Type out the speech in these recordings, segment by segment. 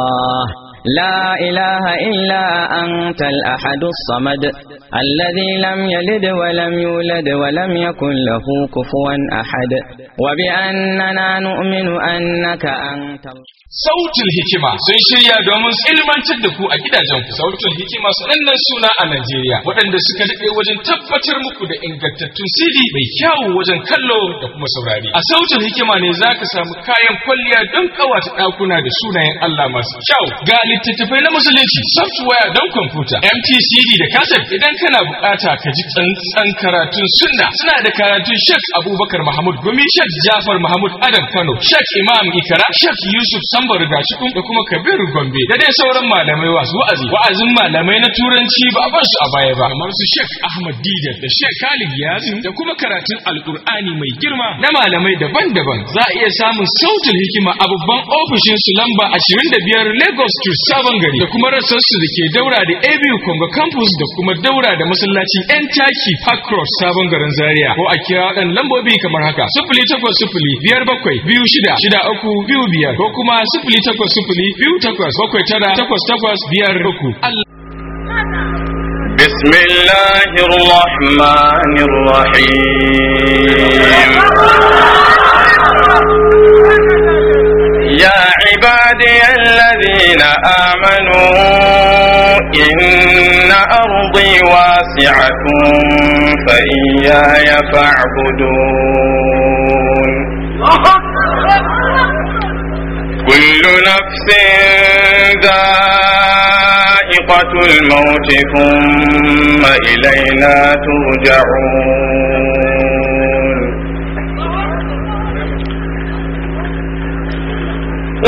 Uh... لا إله إلا أنت الأحد الصمد الذي لم يلد ولم يولد ولم يكن له كفوا أحد وبأننا نؤمن أنك أنت صوت الهكمة سيشيا دومس إلما تدكو أكيدا جنك صوت الهكمة سننا سونا أنجيريا ودن دسكالك وجن تبتر مكود إنك تتنسيدي بيكاو وجن كلو دكما سورادي صوت الهكمة نزاك سامكايا كوليا دنكوات أو كنا دسونا الله ما سيشاو غالي littattafai na musulunci software don kwamfuta mtcd da kaset idan kana bukata ka ji tsantsan karatun sunna suna da karatun shek abubakar mahmud gumi shek jafar mahmud adam kano shek imam ikara shek yusuf sambar gashikun da kuma kabiru gombe da dai sauran malamai wasu wa'azi wa'azin malamai na turanci ba a su a baya ba kamar su shek ahmad didar da shek khalid yazin da kuma karatun alkur'ani mai girma na malamai daban-daban za a iya samun sautin hikima a babban ofishin su lamba 25 lagos street sabon gari da kuma rassansu da ke daura da abu kwanga campus da kuma daura da masallacin yan taki park cross sabon garin zaria ko a kira waɗan lambobi kamar haka sufuli takwas sufuli biyar bakwai biyu shida shida uku biyu biyar ko kuma sufuli takwas sufuli biyu takwas bakwai tara takwas takwas biyar uku. بسم الله الرحمن الرحيم يا عبادي الذين آمنوا إن أرضي واسعة فإياي فاعبدون كل نفس ذائقة الموت ثم إلينا ترجعون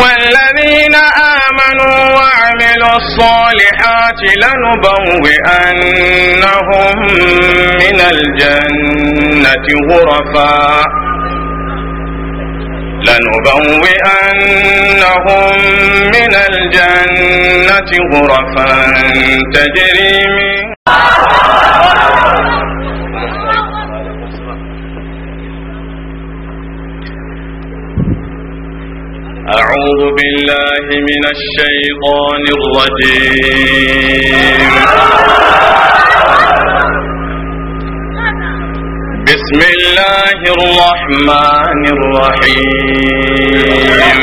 والذين آمنوا وعملوا الصالحات لنبوئنهم من الجنة غرفا لنبوئنهم من الجنة غرفا تجري من أعوذ بالله من الشيطان الرجيم بسم الله الرحمن الرحيم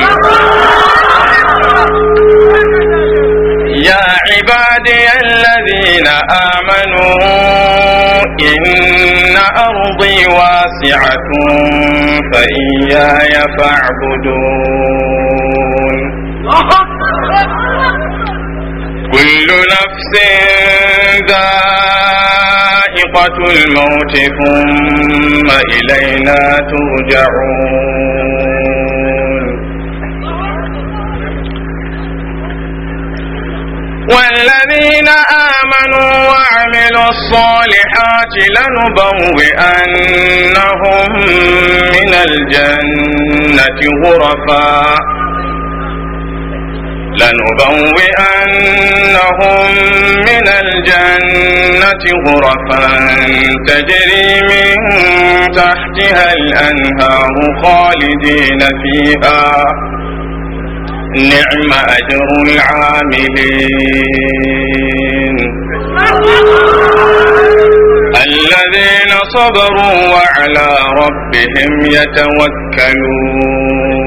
يا عبادي الذين آمنوا إن أرضي واسعة فإياي فاعبدون كل نفس ذائقة الموت ثم إلينا ترجعون والذين آمنوا وعملوا الصالحات لنبوئنهم من الجنة غرفاً لنبوئنهم من الجنة غرفا تجري من تحتها الأنهار خالدين فيها نعم أجر العاملين الذين صبروا وعلى ربهم يتوكلون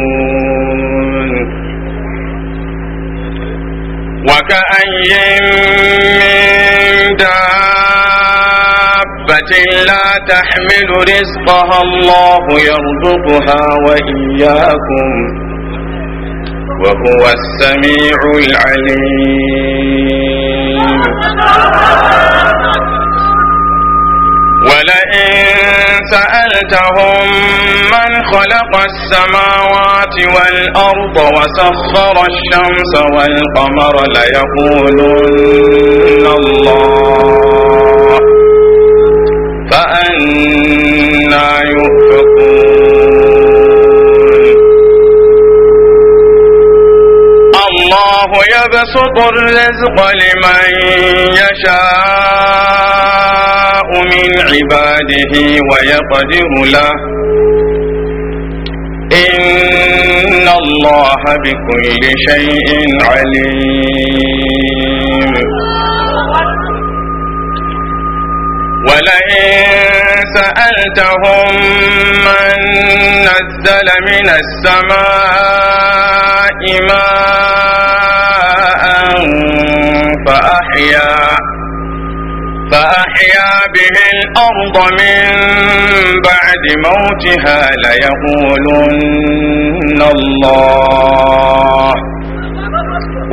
وكأي من دابة لا تحمل رزقها الله يرزقها وإياكم وهو السميع العليم ولئن سألتهم من خلق السماوات والأرض وسخر الشمس والقمر ليقولن الله فأنا يؤفقون الله يبسط الرزق لمن يشاء من عباده ويقدر له إن الله بكل شيء عليم ولئن سألتهم من نزل من السماء ماء فأحيا أحيا به الأرض من بعد موتها ليقولن الله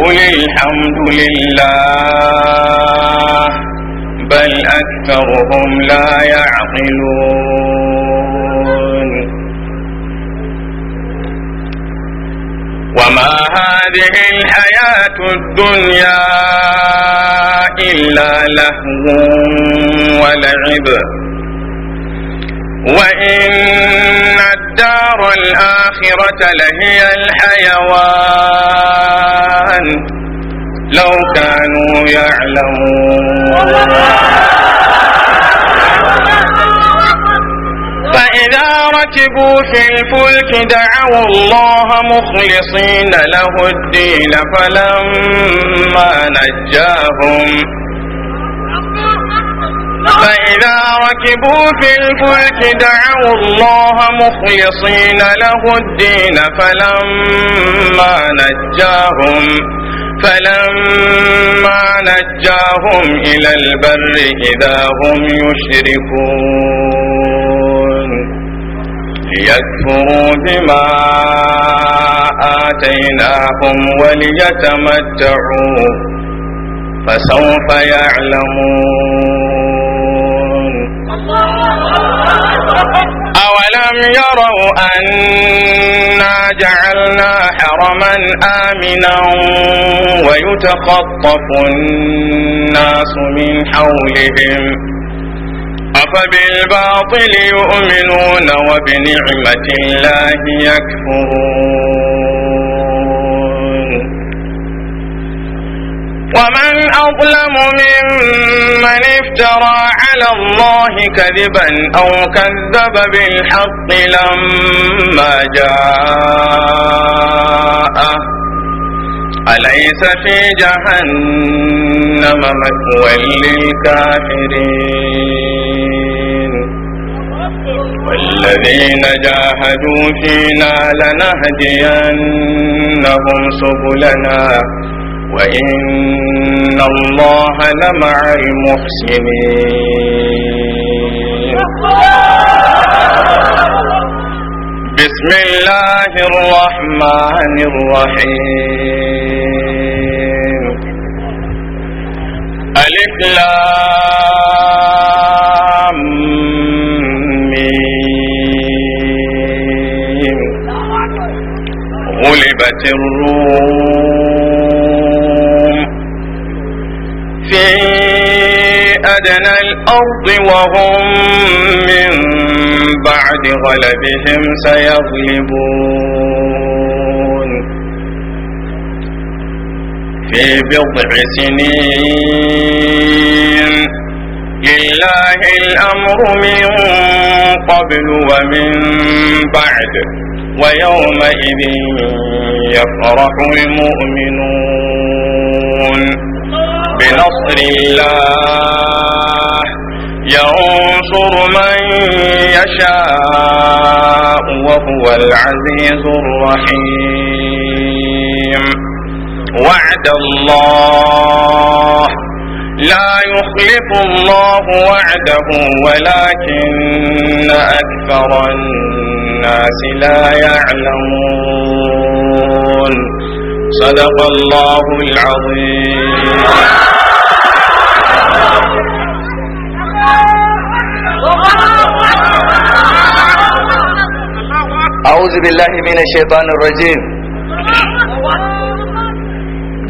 قل الحمد لله بل أكثرهم لا يعقلون وما هذه الحياة الدنيا إلا لهو ولعب وإن الدار الآخرة لهي الحيوان لو كانوا يعلمون ركبوا في الفلك دعوا الله مخلصين له الدين فلما نجاهم فإذا ركبوا في الفلك دعوا الله مخلصين له الدين فلما نجاهم فلما نجاهم إلى البر إذا هم يشركون ليكفروا بما آتيناهم وليتمتعوا فسوف يعلمون أولم يروا أنا جعلنا حرما آمنا ويتخطف الناس من حولهم أفبالباطل يؤمنون وبنعمة الله يكفرون ومن أظلم ممن افترى على الله كذبا أو كذب بالحق لما جاء أليس في جهنم مكوى للكافرين والذين جاهدوا فينا لنهدينهم سبلنا وإن الله لمع المحسنين بسم الله الرحمن الرحيم ألف لام ميم غلبت الروم في أدنى الأرض وهم من بعد غلبهم سيغلبون في بضع سنين لله الأمر من قبل ومن بعد ويومئذ يفرح المؤمنون بنصر الله ينصر من يشاء وهو العزيز الرحيم وعلى وعد الله لا يخلف الله وعده ولكن أكثر الناس لا يعلمون صدق الله العظيم أعوذ بالله من الشيطان الرجيم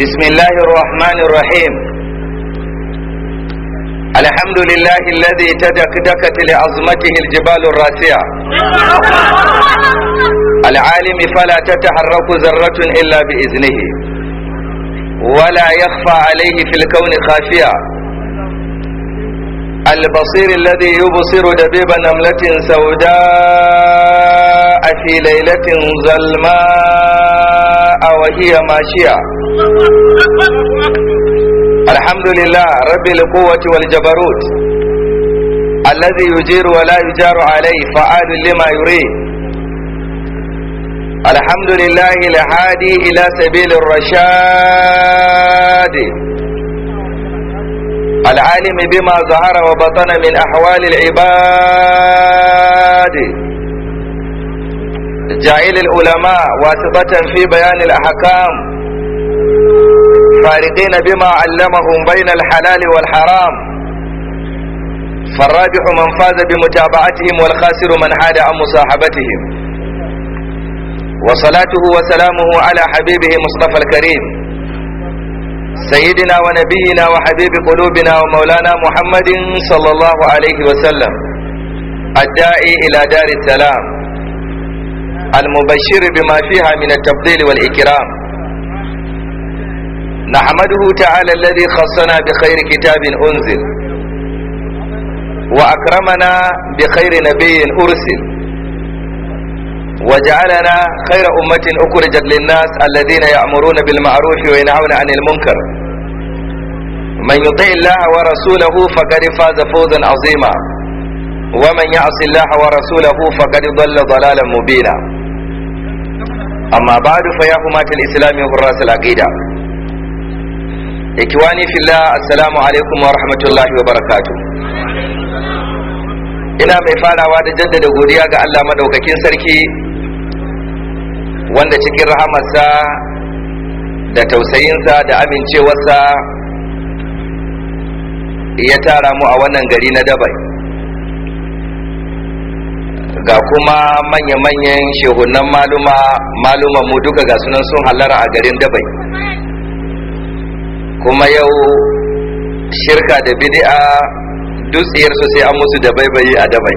بسم الله الرحمن الرحيم الحمد لله الذي تدكدكت لعظمته الجبال الراسعة العالم فلا تتحرك ذرة إلا بإذنه ولا يخفى عليه في الكون خافية البصير الذي يبصر دبيب نملة سوداء في ليلة ظلماء وهي ماشية الحمد لله رب القوة والجبروت الذي يجير ولا يجار عليه فعال لما يريد الحمد لله الهادي إلى سبيل الرشاد العالم بما ظهر وبطن من أحوال العباد جعل العلماء واسطة في بيان الأحكام فارقين بما علمهم بين الحلال والحرام فالرابح من فاز بمتابعتهم والخاسر من حاد عن مصاحبتهم وصلاته وسلامه على حبيبه مصطفى الكريم سيدنا ونبينا وحبيب قلوبنا ومولانا محمد صلى الله عليه وسلم الداعي إلى دار السلام المبشر بما فيها من التفضيل والإكرام نحمده تعالى الذي خصنا بخير كتاب أنزل وأكرمنا بخير نبي أرسل وجعلنا خير أمة أخرجت للناس الذين يأمرون بالمعروف وينهون عن المنكر من يطيع الله ورسوله فقد فاز فوزا عظيما ومن يعص الله ورسوله فقد ضل ضلالا مبينا Amma ba أما بعد فيا حماة islami وحراس lagida إخواني في 'assalamu alaikum wa rahmatullahi wa barakatu'. ina mai farawa da jaddada godiya ga Allah madaukakin sarki wanda cikin rahamarsa da tausayinsa da amincewarsa ya tara mu a wannan gari na dabai ga kuma manya-manyan shehunan maluma maluma mu duka ga sunan sun halara a garin dabai kuma yau shirka da bidi'a, bid'a su sai an musu da baibayi a dabai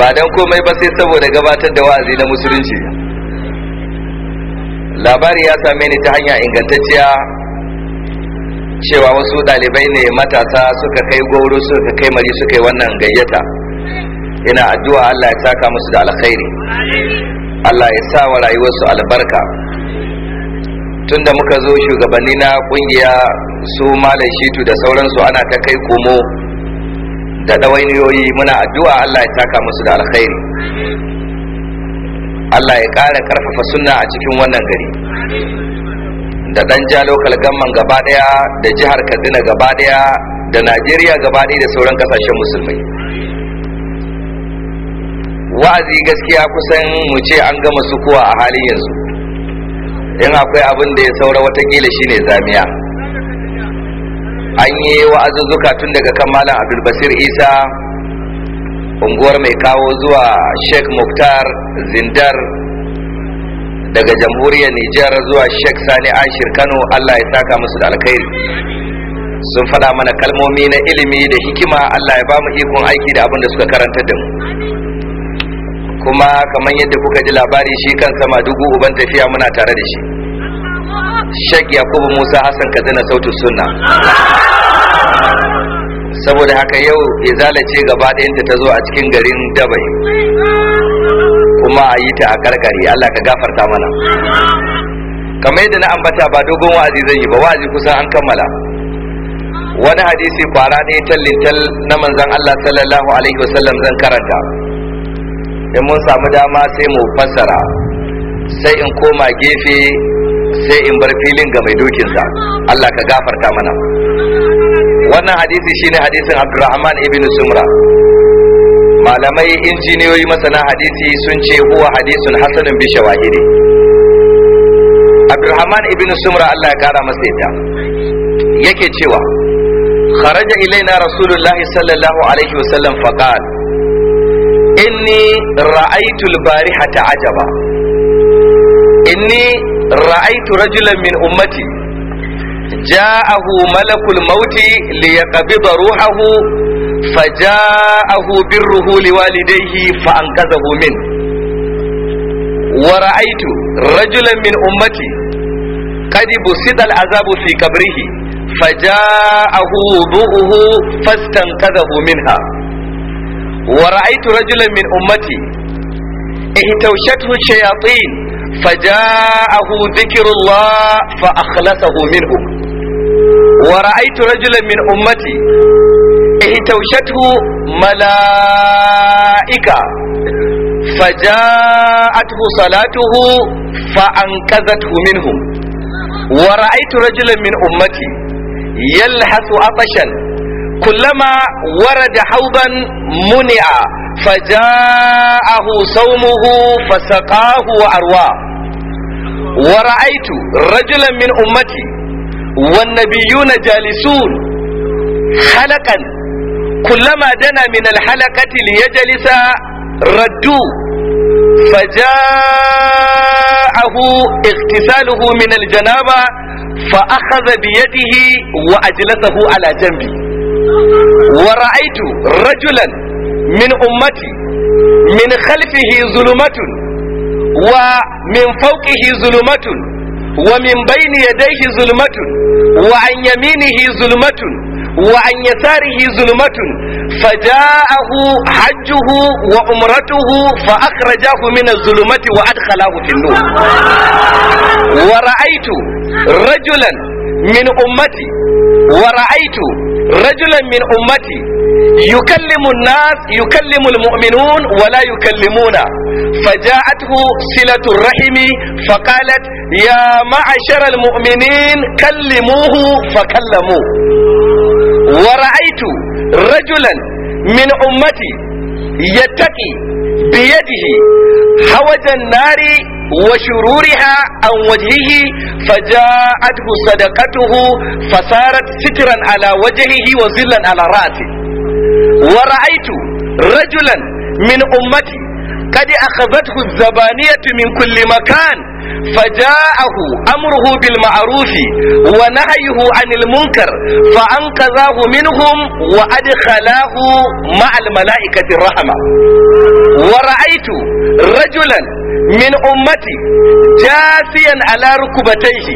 ba don komai ba sai saboda gabatar da wa'azi na musulunci labari ya same ni ta hanya ingantacciya cewa wasu dalibai ne matasa suka kai goro suka kai mari suka yi wannan gayyata ina addu'a Allah ya saka musu da alkhairi Allah ya sa wa rayuwarsu albarka tunda muka zo shugabanni na kungiya su malam shitu da sauransu ana ta kai komo da ɗawainiyoyi muna addu'a Allah ya saka musu da alkhairi Allah ya ƙara ƙarfafa sunna a cikin wannan gari da dan local kalgamman gaba daya da jihar kaduna gaba daya da najeriya gaba daya da sauran kasashen musulmai wa'azi gaskiya kusan mu ce an gama sukuwa a halin yanzu in akwai abin da ya saura wata watakila shine zamiya an yi wa'azuzzuka tun daga kan malam abdulbasir isa unguwar mai kawo zuwa sheikh muktar zindar daga jamhuriyar Nijar zuwa Sheikh Sani Ashir Kano Allah ya saka musu da alkhairi sun faɗa mana kalmomi na ilimi da hikima Allah ya ba mu ikon aiki da abin da suka karanta da mu kuma kamar yadda kuka ji labari shi kan sama dubu uban tafiya muna tare da shi Sheikh Yakubu Musa Hassan na sautu sunna saboda haka yau izala ce gaba ɗayanta ta zo a cikin garin Dabai kuma a yi ta a karkare Allah ka gafarta mana kamar yadda na ambata ba dogon wa'azi zai yi ba wa'azi kusan an kammala wani hadisi kwara ɗaya tallintal na manzan Allah sallallahu alaihi wasallam zan karanta in mun samu dama sai mu fassara sai in koma gefe sai in bar filin ga mai dokinsa Allah ka gafarta mana wannan hadisi shine hadisin Abdurrahman ibn Sumra malamai injiniyoyi masana hadisi sun ce huwa hadisun hasanun bi shawahidi abdurrahman ibn sumra Allah ya kara masa ita yake cewa kharaja ilaina rasulullahi sallallahu alaihi wasallam faqal inni ra'aytu al-barihata ajaba inni ra'aytu rajulan min ummati جاءه ملك الموت ليقبض روحه فجاءه بره لوالديه فأنقذه منه ورأيت رجلا من أمتي قد بسط العذاب في قبره فجاءه وضوءه فاستنقذه منها ورأيت رجلا من أمتي اهتوشته الشياطين فجاءه ذكر الله فأخلصه منه ورأيت رجلا من أمتي ihtaushat hu mala’ika faja’at hu salatuhu fa’ankazat hu minhu wa ra’aitu rajulan min ummati yalhasu abashan kullama warada hauban muni’a faja’ahu saumuhu fasaqahu arwa wa ra’aitu rajulan min ummati wannabiyuna jalisun halakan كلما دنا من الحلقة ليجلس ردوه فجاءه اغتساله من الجنابة فأخذ بيده وأجلسه على جنبي ورأيت رجلا من أمتي من خلفه ظلمة ومن فوقه ظلمة ومن بين يديه ظلمة وعن يمينه ظلمة وعن يساره ظلمة فجاءه حجه وعمرته فأخرجاه من الظلمة وأدخلاه في النور ورأيت رجلا من أمتي ورأيت رجلا من أمتي يكلم الناس يكلم المؤمنون ولا يكلمون فجاءته صلة الرحم فقالت يا معشر المؤمنين كلموه فكلموه ورأيت رجلا من أمتي يتقي بيده حوج النار وشرورها عن وجهه فجاءته صدقته فصارت سترا على وجهه وظلا على رأسه ورأيت رجلا من أمتي قد أخذته الزبانية من كل مكان فجاءه أمره بالمعروف ونهيه عن المنكر فأنقذاه منهم وأدخلاه مع الملائكة الرحمة ورأيت رجلا من أمتي جاثيا على ركبتيه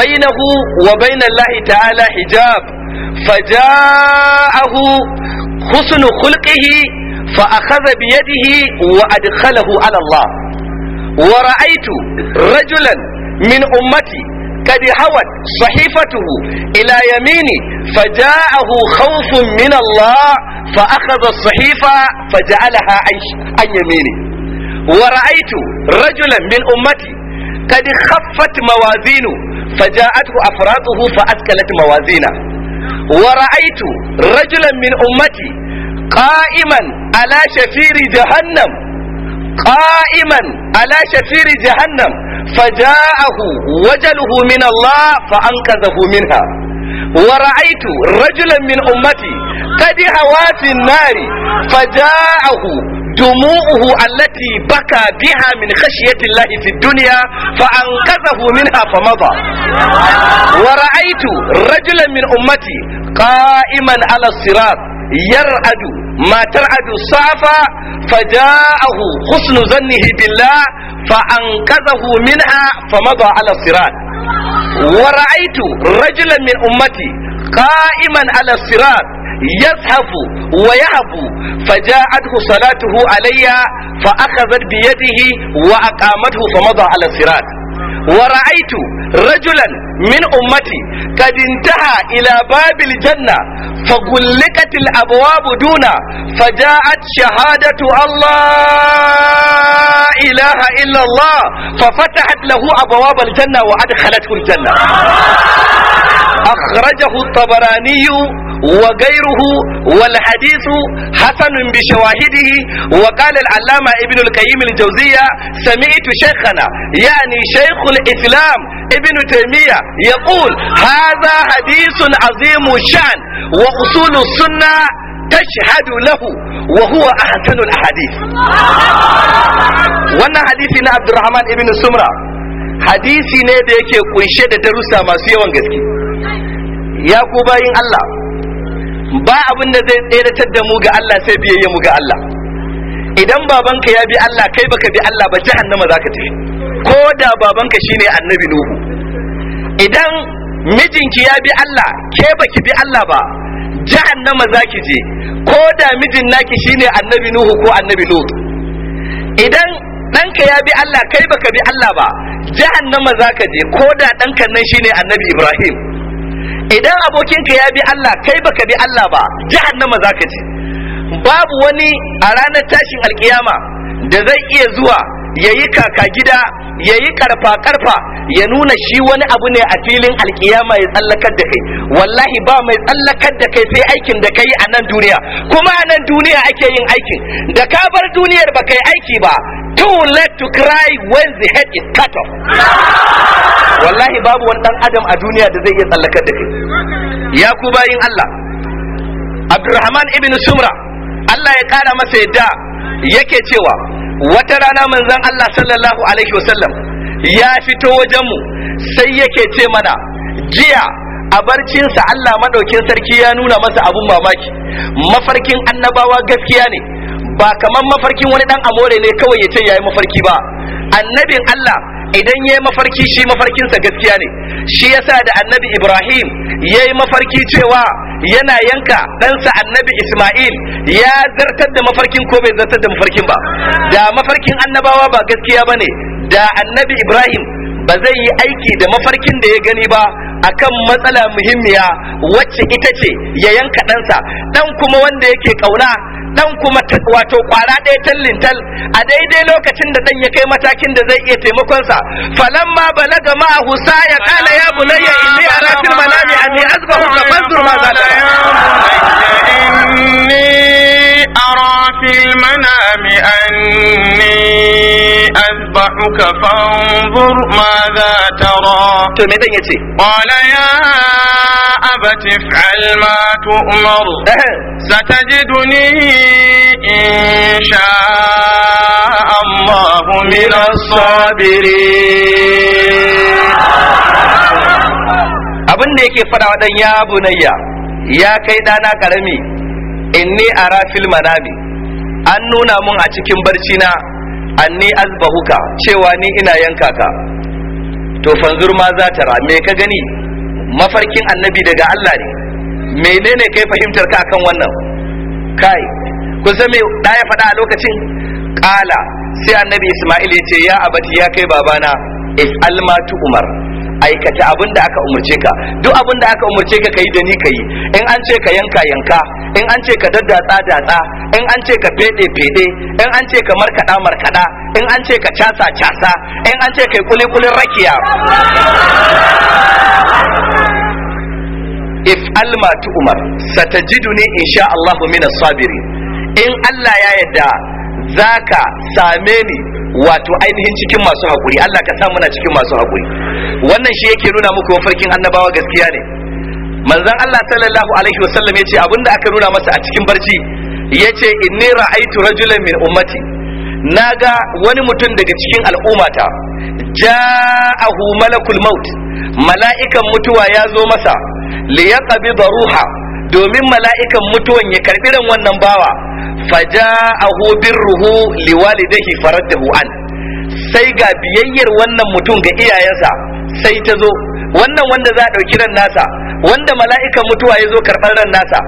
بينه وبين الله تعالى حجاب فجاءه حسن خلقه فأخذ بيده وأدخله على الله ورأيت رجلا من أمتي قد هوت صحيفته إلى يميني فجاءه خوف من الله فأخذ الصحيفة فجعلها عن يميني ورأيت رجلا من أمتي قد خفت موازينه فجاءته أفراده فأسكلت موازينه ورأيت رجلا من أمتي قائما على شفير جهنم قائما على شفير جهنم فجاءه وجله من الله فأنقذه منها ورأيت رجلا من أمتي قد هوى في النار فجاءه دموعه التي بكى بها من خشية الله في الدنيا فأنقذه منها فمضى ورأيت رجلا من أمتي قائما على الصراط يرعد ما ترعد الصافة فجاءه حسن ظنه بالله فأنقذه منها فمضى على الصراط ورأيت رجلا من أمتي قائما على الصراط يزهف ويهب فجاءته صلاته علي فأخذت بيده وأقامته فمضى على الصراط ورأيت رجلا من أمتي قد انتهى إلى باب الجنة فغلقت الأبواب دونه فجاءت شهادة الله إله إلا الله ففتحت له أبواب الجنة وأدخلته الجنة أخرجه الطبراني وغيره والحديث حسن بشواهده وقال العلامة ابن القيم الجوزية سمعت شيخنا يعني شيخ الإسلام ابن تيمية يقول هذا حديث عظيم الشان وأصول السنة تشهد له وهو أحسن الأحاديث wannan hadisi na Abdurrahman ibn Sumra hadisi ne da yake kunshe da darussa masu yawan gaske ya ku bayin Allah ba abin da zai tseratar da mu ga Allah sai biyayya mu ga Allah idan babanka ya bi Allah kai baka bi Allah ba jahannama ka tafi ko da babanka shine annabi nuhu idan mijinki ya bi Allah ke baki bi Allah ba jahannama ki je ko da mijin naki shine annabi nuhu ko annabi lut idan ɗanka ya bi Allah kai baka bi Allah ba jahannama ka je ko da ɗanka nan shine annabi ibrahim idan abokinka ya bi Allah kai baka bi Allah ba jahannama zaka je babu wani a ranar tashin alkiyama da zai iya zuwa ya yi kaka gida ya yi karfa karfa ya nuna shi wani abu ne a filin alkiyama ya tsallakar da kai wallahi ba mai tsallakar da kai sai aikin da kai a nan duniya kuma a nan duniya ake yin aikin da ka bar duniyar ba kai aiki ba too late to cry when the head is cut off wallahi babu wani dan adam a duniya da zai iya tsallakar da kai ya ku bayin Allah Abdurrahman ibn Sumra Allah ya kara masa yadda yake cewa wata rana manzon Allah sallallahu alaihi wasallam ya fito wajen mu sai yake ce mana jiya a barcinsa Allah madaukin sarki ya nuna masa abun mamaki mafarkin annabawa gaskiya ne ba kamar mafarkin wani ɗan amore ne kawai ya ce ya yi mafarki ba annabin Allah idan yayi mafarki shi mafarkinsa gaskiya ne shi yasa da annabi Ibrahim yayi mafarki cewa yana yanka ɗansa annabi Ismail ya zartar da mafarkin ko bai zartar da mafarkin ba da mafarkin annabawa ba gaskiya bane da annabi Ibrahim ba zai yi aiki da mafarkin da ya gani ba akan matsala muhimmiya wacce ita ce ya yanka ɗansa ɗan kuma wanda yake ƙauna dan kuma wato kwara ɗaya lintal, a daidai lokacin da dan ya kai matakin da zai iya taimakonsa falamma balaga ma husa ya kala ya bunayya inni a fil manami anni azbahu fa fanzur ma zalaya أرى في المنام أني أذبحك فانظر ماذا ترى قال يا أبت افعل ما تؤمر ستجدني إن شاء الله من الصابرين abin da yake fada wa dan ya bunayya ya kai dana karami inni ara fil manami an nuna mun a cikin barci na anni azbahuka cewa ni ina yanka ka to fanzur ma za ta me ka gani mafarkin annabi daga Allah ne menene kai fahimtar ka akan wannan kai kusa san me da ya faɗa a lokacin kala sai annabi Isma'il ya ce ya abati ya kai babana is Almatu umar aikata abin da aka umarce ka duk abin da aka umarce ka kai da ni kai in an ce ka yanka yanka in an ce ka daddatsa datsa in an ce ka fede fede in an ce ka markada markada in an ce ka casa casa in an ce kai kulikulin rakiya if alma tu umar satajiduni insha Allah min in Allah ya yadda zaka same ni wato ainihin cikin masu haƙuri Allah ka sa muna cikin masu haƙuri wannan shi yake nuna muku mafarkin annabawa gaskiya ne manzon Allah sallallahu alaihi wasallam yace abinda aka nuna masa a cikin barci yace inni ra'aitu rajulan min ummati naga wani mutum daga cikin al'ummata ja'ahu malakul maut mala'ikan mutuwa ya zo masa liyaqbida ruha domin mala'ikan mutuwan ya karbi ran wannan bawa faja'ahu birruhu liwalidihi faraddahu an sai ga biyayyar wannan mutum ga iyayensa sai ta zo wannan wanda za a ɗauki ran nasa wanda mala'ikan mutuwa ya zo karɓar ran nasa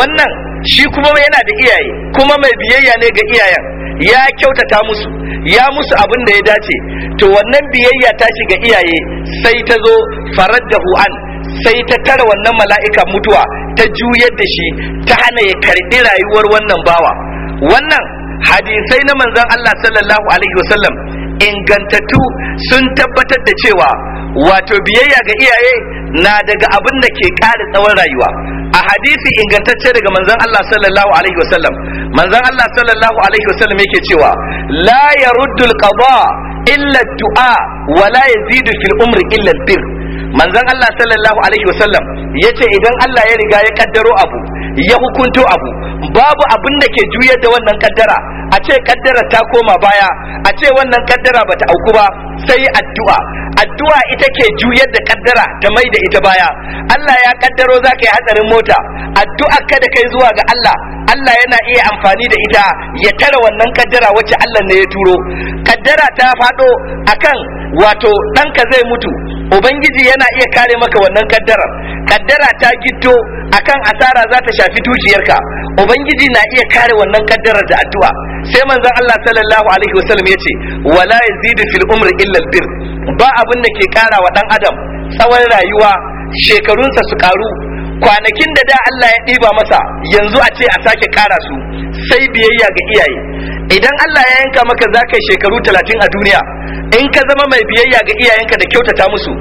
wannan shi kuma yana da iyaye kuma mai biyayya ne ga iyayen ya kyautata musu ya musu abin da ya dace to wannan biyayya ta shiga iyaye sai ta zo da hu'an sai ta tara wannan mala'ikan mutuwa ta juyar da shi ta hana ya karɓi rayuwar wannan bawa wannan hadisai na manzon Allah sallallahu alaihi wasallam ingantattu sun tabbatar da cewa wato biyayya ga iyaye na daga abin da ke ƙara tsawon rayuwa a hadisi ingantacce daga manzon Allah sallallahu alaihi wasallam manzon Allah sallallahu alaihi wasallam yake cewa la yaruddu al-qada illa dua wa la yazidu fil umri illa al manzon Allah sallallahu alaihi wasallam yace idan Allah ya riga ya kaddaro abu ya hukunto abu babu abin da ke juyar da wannan kaddara a ce kaddara ta koma baya a ce wannan kaddara bata auku ba sai addu'a addu'a ita ke juyar da kaddara ta mai da ita baya Allah ya kaddaro zaka yi hatsarin mota addu'a kada kai zuwa ga Allah Allah yana iya amfani da ita ya tara wannan kaddara wacce Allah ne ya turo kaddara ta faɗo akan wato ɗanka zai mutu ubangiji yana iya kare maka wannan kaddara kaddara ta gitto akan asara za ta shafi dukiyarka ubangiji na iya kare wannan kaddarar da addu'a sai manzon Allah sallallahu alaihi wasallam ya ce wala yazidu fil umri illa albir ba abin da ke kara wa dan adam tsawon rayuwa shekarunsa su karu kwanakin da da Allah ya ɗiba masa yanzu a ce a sake ƙara su sai biyayya ga iyaye idan Allah ya yanka maka za ka yi shekaru talatin a duniya in ka zama mai biyayya ga iyayenka da kyautata musu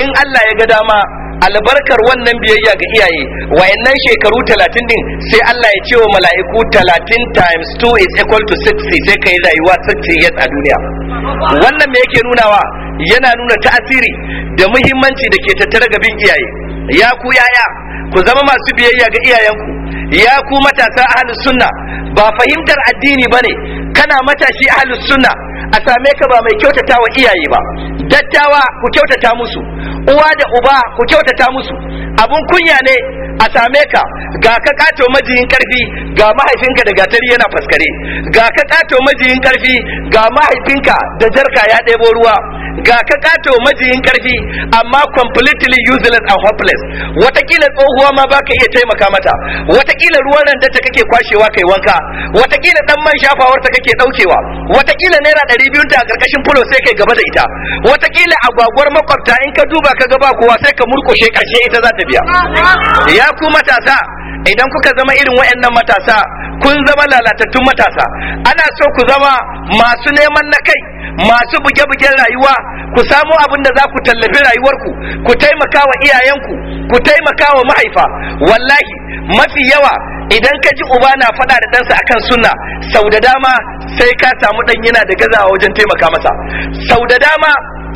in Allah ya ga dama albarkar wannan biyayya ga iyaye wayannan shekaru 30 din sai Allah ya ce wa mala'iku 30 times 2 is equal to 60 sai kai rayuwa 60 years a duniya wannan me yake nunawa yana nuna tasiri da muhimmanci da ke tattare ga bin iyaye ya ku yaya ku zama masu biyayya ga iyayenku ya ku matasa ahlus sunna ba fahimtar addini bane kana matashi ahlus sunna a same ka ba mai kyautata wa iyaye ba dattawa ku kyautata musu uwa da uba ku kyautata musu abun kunya ne a same ka ga ka kato majiyin karfi ga mahaifinka da gatari yana faskare ga ka kato majiyin karfi ga mahaifinka da jarka ya ɗebo ruwa ga ka kato majiyin karfi amma completely useless and hopeless watakila tsohuwa ma baka iya taimaka mata watakila ruwan da ta kake kwashewa kai wanka watakila dan man shafawar ta kake daukewa watakila naira 200 ta a karkashin fulo sai kai gaba da ita watakila agwagwar makwabta in ka duba ka ga ba sai ka murkushe karshe ita za ta biya ya ku matasa idan kuka zama irin wayannan matasa kun zama lalatattun matasa ana so ku zama masu neman na kai masu buge-bugen rayuwa ku samu abin da za ku tallafi rayuwarku ku taimaka wa iyayenku ku taimaka wa mahaifa wallahi mafi yawa idan ka ji uba na faɗa da ɗansa akan sunna sau da dama sai ka samu ɗan yana da gazawa wajen taimaka masa sau da dama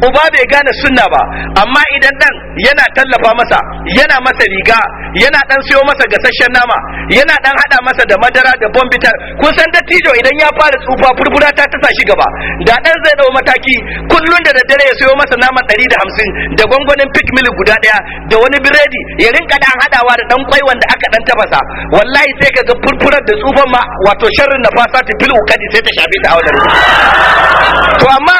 uba bai gane sunna ba amma idan dan yana tallafa masa yana masa riga yana dan siyo masa gasasshen nama yana dan hada masa da madara da bombitar kun san dattijo idan ya fara tsufa furfura ta tasa shi gaba da dan zai dau mataki kullun da daddare ya siyo masa nama 150 da gwangwanin pick mill guda daya da wani biredi ya rinka dan hadawa da dan kwai wanda aka dan tafasa wallahi sai kaga furfurar da tsufan ma wato sharrin nafasa ta fil kadi sai ta shafe ta a to amma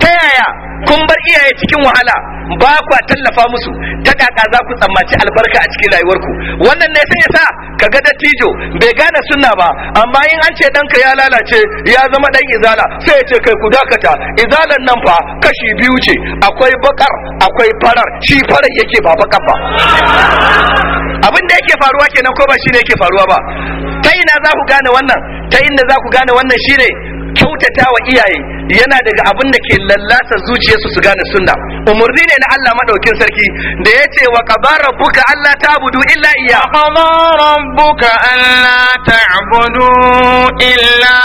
ta yaya kun bar iyaye cikin wahala ba kwa tallafa musu ta kaka za ku tsammaci albarka a cikin rayuwarku wannan ne sai yasa ka ga dattijo bai gane sunna ba amma in an ce danka ya lalace ya zama dan izala sai ya ce kai ku dakata izalan nan fa kashi biyu ce akwai bakar akwai farar shi farar yake ba bakar ba abin da yake faruwa kenan ko ba shi ne yake faruwa ba ta ina za ku gane wannan ta inda za ku gane wannan shine kyautata wa iyaye yana daga abin da ke lallasa zuciyarsu su gane sunna umurni ne na Allah madaukin sarki da ya ce wa qadara Allah ta ta'budu illa iyya buka Allah ta budu illa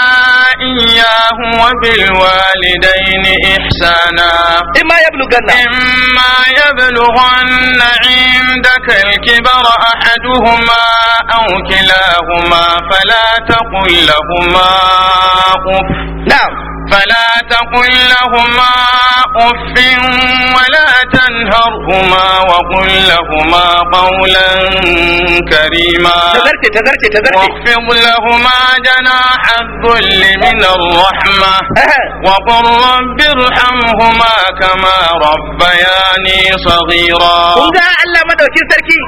إياه وبالوالدين إحسانا إما يبلغن إما يبلغن عندك الكبر أحدهما أو كلاهما فلا تقل لهما أف نعم فلا تقل لهما أف ولا تنهرهما وقل لهما قولا كريما واخفض لهما جناح الذل من الرحمة وقل رب ارحمهما كما ربياني صغيرا Allah madaukin sarki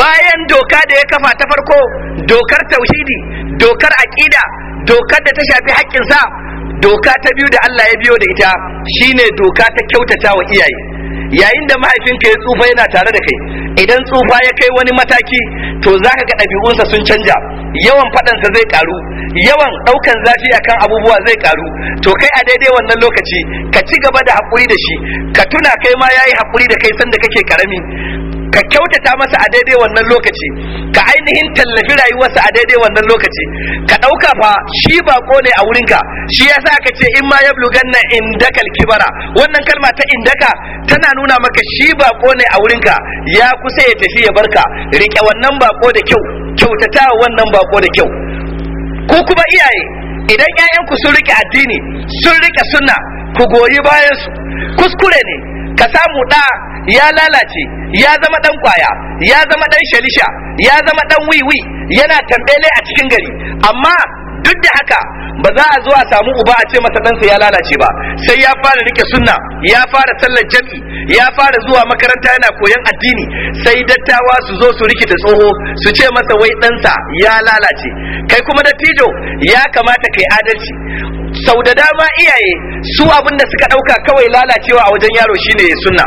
bayan doka da ya kafa ta farko dokar tauhidi dokar aqida dokar da ta shafi haƙƙinsa doka ta biyu da Allah ya biyo da ita shine doka ta kyautata wa iyaye yayin da mahaifinka ya tsufa yana tare da kai idan tsufa ya kai wani mataki to za ka ga ɗabi'unsa sun canja yawan faɗansa zai ƙaru yawan ɗaukan zafi akan abubuwa zai ƙaru to kai a daidai wannan lokaci ka ci gaba da haƙuri da shi ka tuna kai ma yayi haƙuri da kai sanda kake karami ka kyautata masa a daidai wannan lokaci ka ainihin tallafi rayuwarsa a daidai wannan lokaci ka ɗauka fa shi bako ne a wurinka shi ya sa ka ce in ma yablughanna indakal kibara wannan kalma ta indaka tana nuna maka shi bako ne a wurinka ya kusa ya tafi ya barka rike wannan bako da kyau kyautata wannan bako da kyau ku kuma iyaye idan 'ya'yanku sun rike addini sun rike sunna ku goyi bayansu kuskure ne ka samu ɗa ya lalace ya zama ɗan kwaya ya zama ɗan shalisha ya zama ɗan wiwi yana tambele a cikin gari amma duk da haka ba za a zo a samu uba a ce masa ɗansa ya lalace ba sai ya fara rike sunna ya fara sallar jam'i ya fara zuwa makaranta yana koyon addini sai dattawa su zo su rikita tsoho su ce masa wai ɗansa ya lalace kai kuma dattijo ya kamata kai adalci sau da dama iyaye su abinda suka ɗauka kawai lalacewa a wajen yaro shine sunna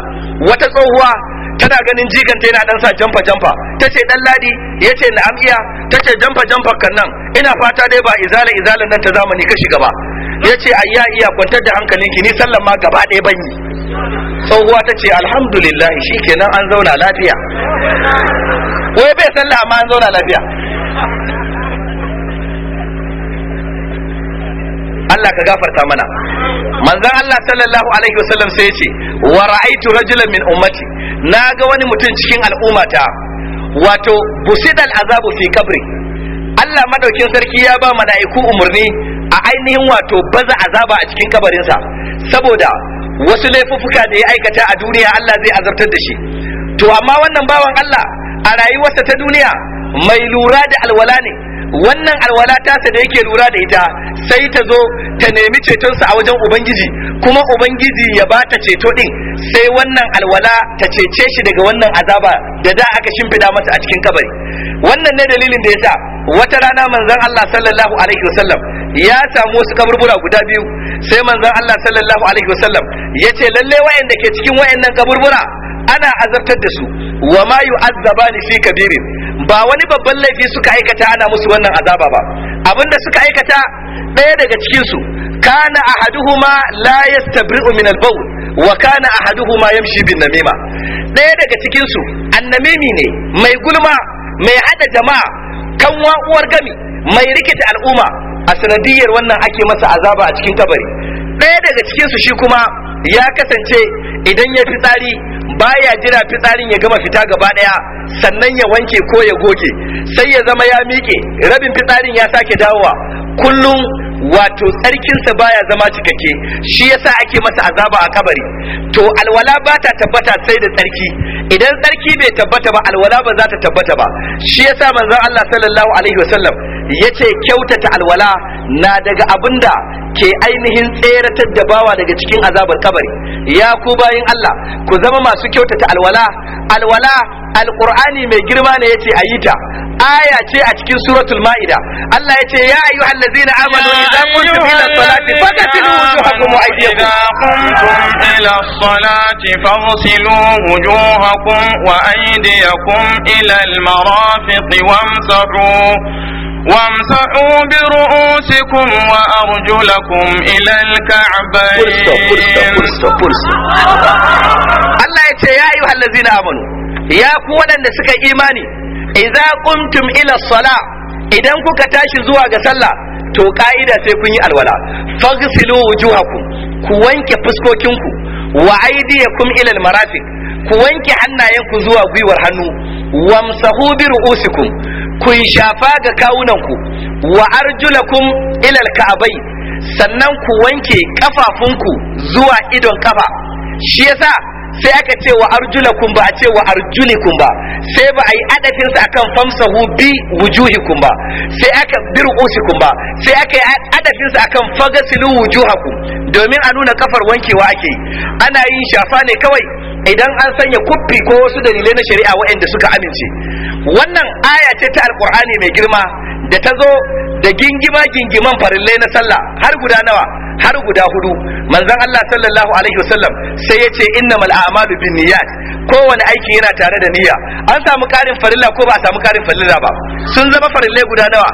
wata tsohuwa tana ganin jiganta yana dan sa jamfa jamfa tace dan ladi yace na'am iya tace jamfa jamfa kan ina fata dai ba izala izalan nan ta zamani ka shiga ba yace ayya iya kwantar da hankalinki ni sallan ma gaba ɗaya ban yi tsohuwa tace alhamdulillah kenan an zauna lafiya wai bai sallah amma an zauna lafiya Allah ka gafarta mana manzon Allah sallallahu alaihi wasallam sai ce wa ra'aitu rajulan min ummati ga wani mutum cikin al'ummata wato busidal azabu fi kabri Allah madaukin sarki ya ba mala'iku umarni a ainihin wato baza azaba a cikin kabarinsa saboda wasu laifuffuka da ya aikata a duniya Allah zai azabtar da shi to amma wannan bawan Allah a rayuwarsa ta duniya mai lura da alwala ne wannan alwala tasa da yake lura da ita sai ta zo ta nemi cetonsa a wajen ubangiji kuma ubangiji ya ba ta ceto din sai wannan alwala ta cece shi daga wannan azaba da da aka shimfida masa a cikin kabari wannan ne dalilin da yasa wata rana manzon Allah sallallahu alaihi wasallam ya samu wasu kaburbura guda biyu sai manzon Allah sallallahu alaihi wasallam ya ce lalle wayanda ke cikin wayannan kaburbura ana azabtar da su wa ma yu'azzabani fi kabirin ba wani babban laifi suka aikata ana musu wannan azaba ba abinda suka aikata ɗaya daga cikinsu kana ahaduhuma la yastabri'u min al-bawl wa kana ahaduhuma yamshi bin namima ɗaya daga cikinsu annamimi ne mai gulma mai hada jama'a kan uwar gami mai rikita al'umma a sanadiyar wannan ake masa azaba a cikin kabari ɗaya daga cikinsu shi kuma ya kasance idan ya fi tsari baya jira fitsarin ya gama fita gaba daya sannan ya wanke ko ya goge sai ya zama ya miƙe rabin fitsarin ya sake dawowa kullum wato tsarkinsa baya zama cikakke shi yasa ake masa azaba a kabari to alwala ba ta tabbata sai da tsarki idan tsarki bai tabbata ba alwala ba za ta tabbata ba shi yasa manzon Allah sallallahu alaihi wasallam yace kyautata alwala na daga abinda ke ainihin tseratar da bawa daga cikin azabar kabari ya ku bayin Allah ku zama masu kyautata alwala alwala alqur'ani mai girma ne yace ayita aya ce a cikin suratul maida Allah yace ya ayyuhal ladzina amanu idza qumtum ila salati faghsilu wujuhakum wa aydiyakum qumtum ila salati faghsilu wujuhakum wa aydiyakum ila almarafiq marafiq wamsahu وامسحوا برؤوسكم وأرجلكم إلى الكعبين الله يا أيها الذين آمنوا ya ku waɗanda suka imani idza qumtum ila salah idan kuka tashi zuwa ga sallah to ka'ida sai kun yi alwala faghsilu wujuhakum ku wanke fuskokinku wa aydiyakum ila almarafiq ku wanke hannayenku zuwa gwiwar hannu wamsahu bi ru'usikum ku shafa ga kawunanku wa arjulakum ila alka'abai sannan ku wanke kafafunku zuwa idon kafa shi yasa sai aka ce wa arjulakum ba a ce wa arjulikum ba sai ba a yi adafin sa akan famsahu bi wujuhikum ba sai aka bi ba sai aka yi adafin sa akan fagasilu wujuhakum domin a nuna kafar wankewa ake yi ana yin shafa ne kawai idan an sanya kuffi ko wasu dalilai na shari'a waɗanda suka amince wannan aya ce ta alkur'ani mai girma da ta zo da gingima gingiman farillai na sallah har guda nawa har guda hudu manzon Allah sallallahu alaihi wasallam sai ya ce innamal a'malu binniyat kowane aiki yana tare da niyya an samu karin farilla ko ba a samu karin farilla ba sun zama farillai guda nawa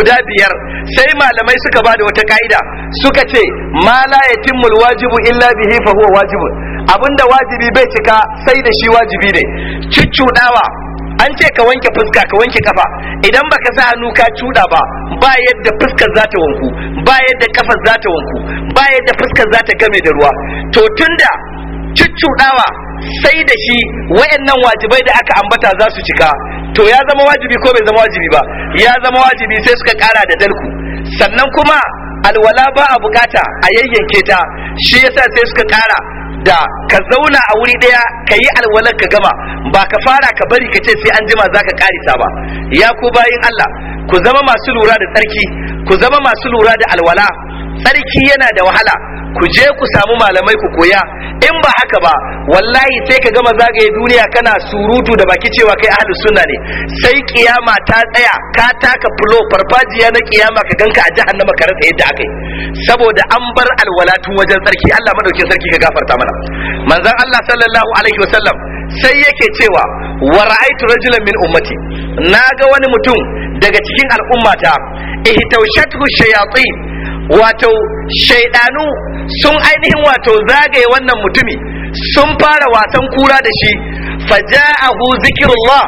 guda biyar sai malamai suka bada wata ka'ida suka ce ma la wajibu illa bihi fa huwa wajibun abinda wajibi bai cika sai da shi wajibi ne cuccudawa an ce ka wanke fuska ka wanke kafa idan baka sa hannu ka cuda ba ba yadda fuskar za ta wanku ba yadda kafar za ta wanku ba yadda fuskar za ta game da ruwa to tunda cuccudawa sai da shi wayannan wajibai da aka ambata za su cika to ya zama wajibi ko bai zama wajibi ba ya zama wajibi sai suka kara da dalku sannan kuma alwala ba a bukata a yayyanke ta shi yasa sai suka kara da ka zauna a wuri ɗaya ka yi alwalar ka gama ba ka fara ka bari ka ce sai an jima za ka ƙarisa ba ya ku bayin Allah ku zama masu lura da tsarki ku zama masu lura da alwala tsarki yana da wahala ku je ku samu malamai ku koya in ba haka ba wallahi sai ka gama zagaye duniya kana surutu da baki cewa kai ahlus sunna ne sai kiyama ta tsaya ka taka fulo farfajiya na kiyama ka ganka a jahannama ka rasa yadda akai saboda an bar alwalatu wajen tsarki, Allah madaukin sarki ka gafarta mana manzon Allah sallallahu alaihi wasallam sai yake cewa wa ra'aytu rajulan min ummati naga wani mutum daga cikin al'ummata ihtawshatu shayatin wato shaidanu sun ainihin wato zagaye wannan mutumi sun fara wasan kura da shi faja'ahu zikrullah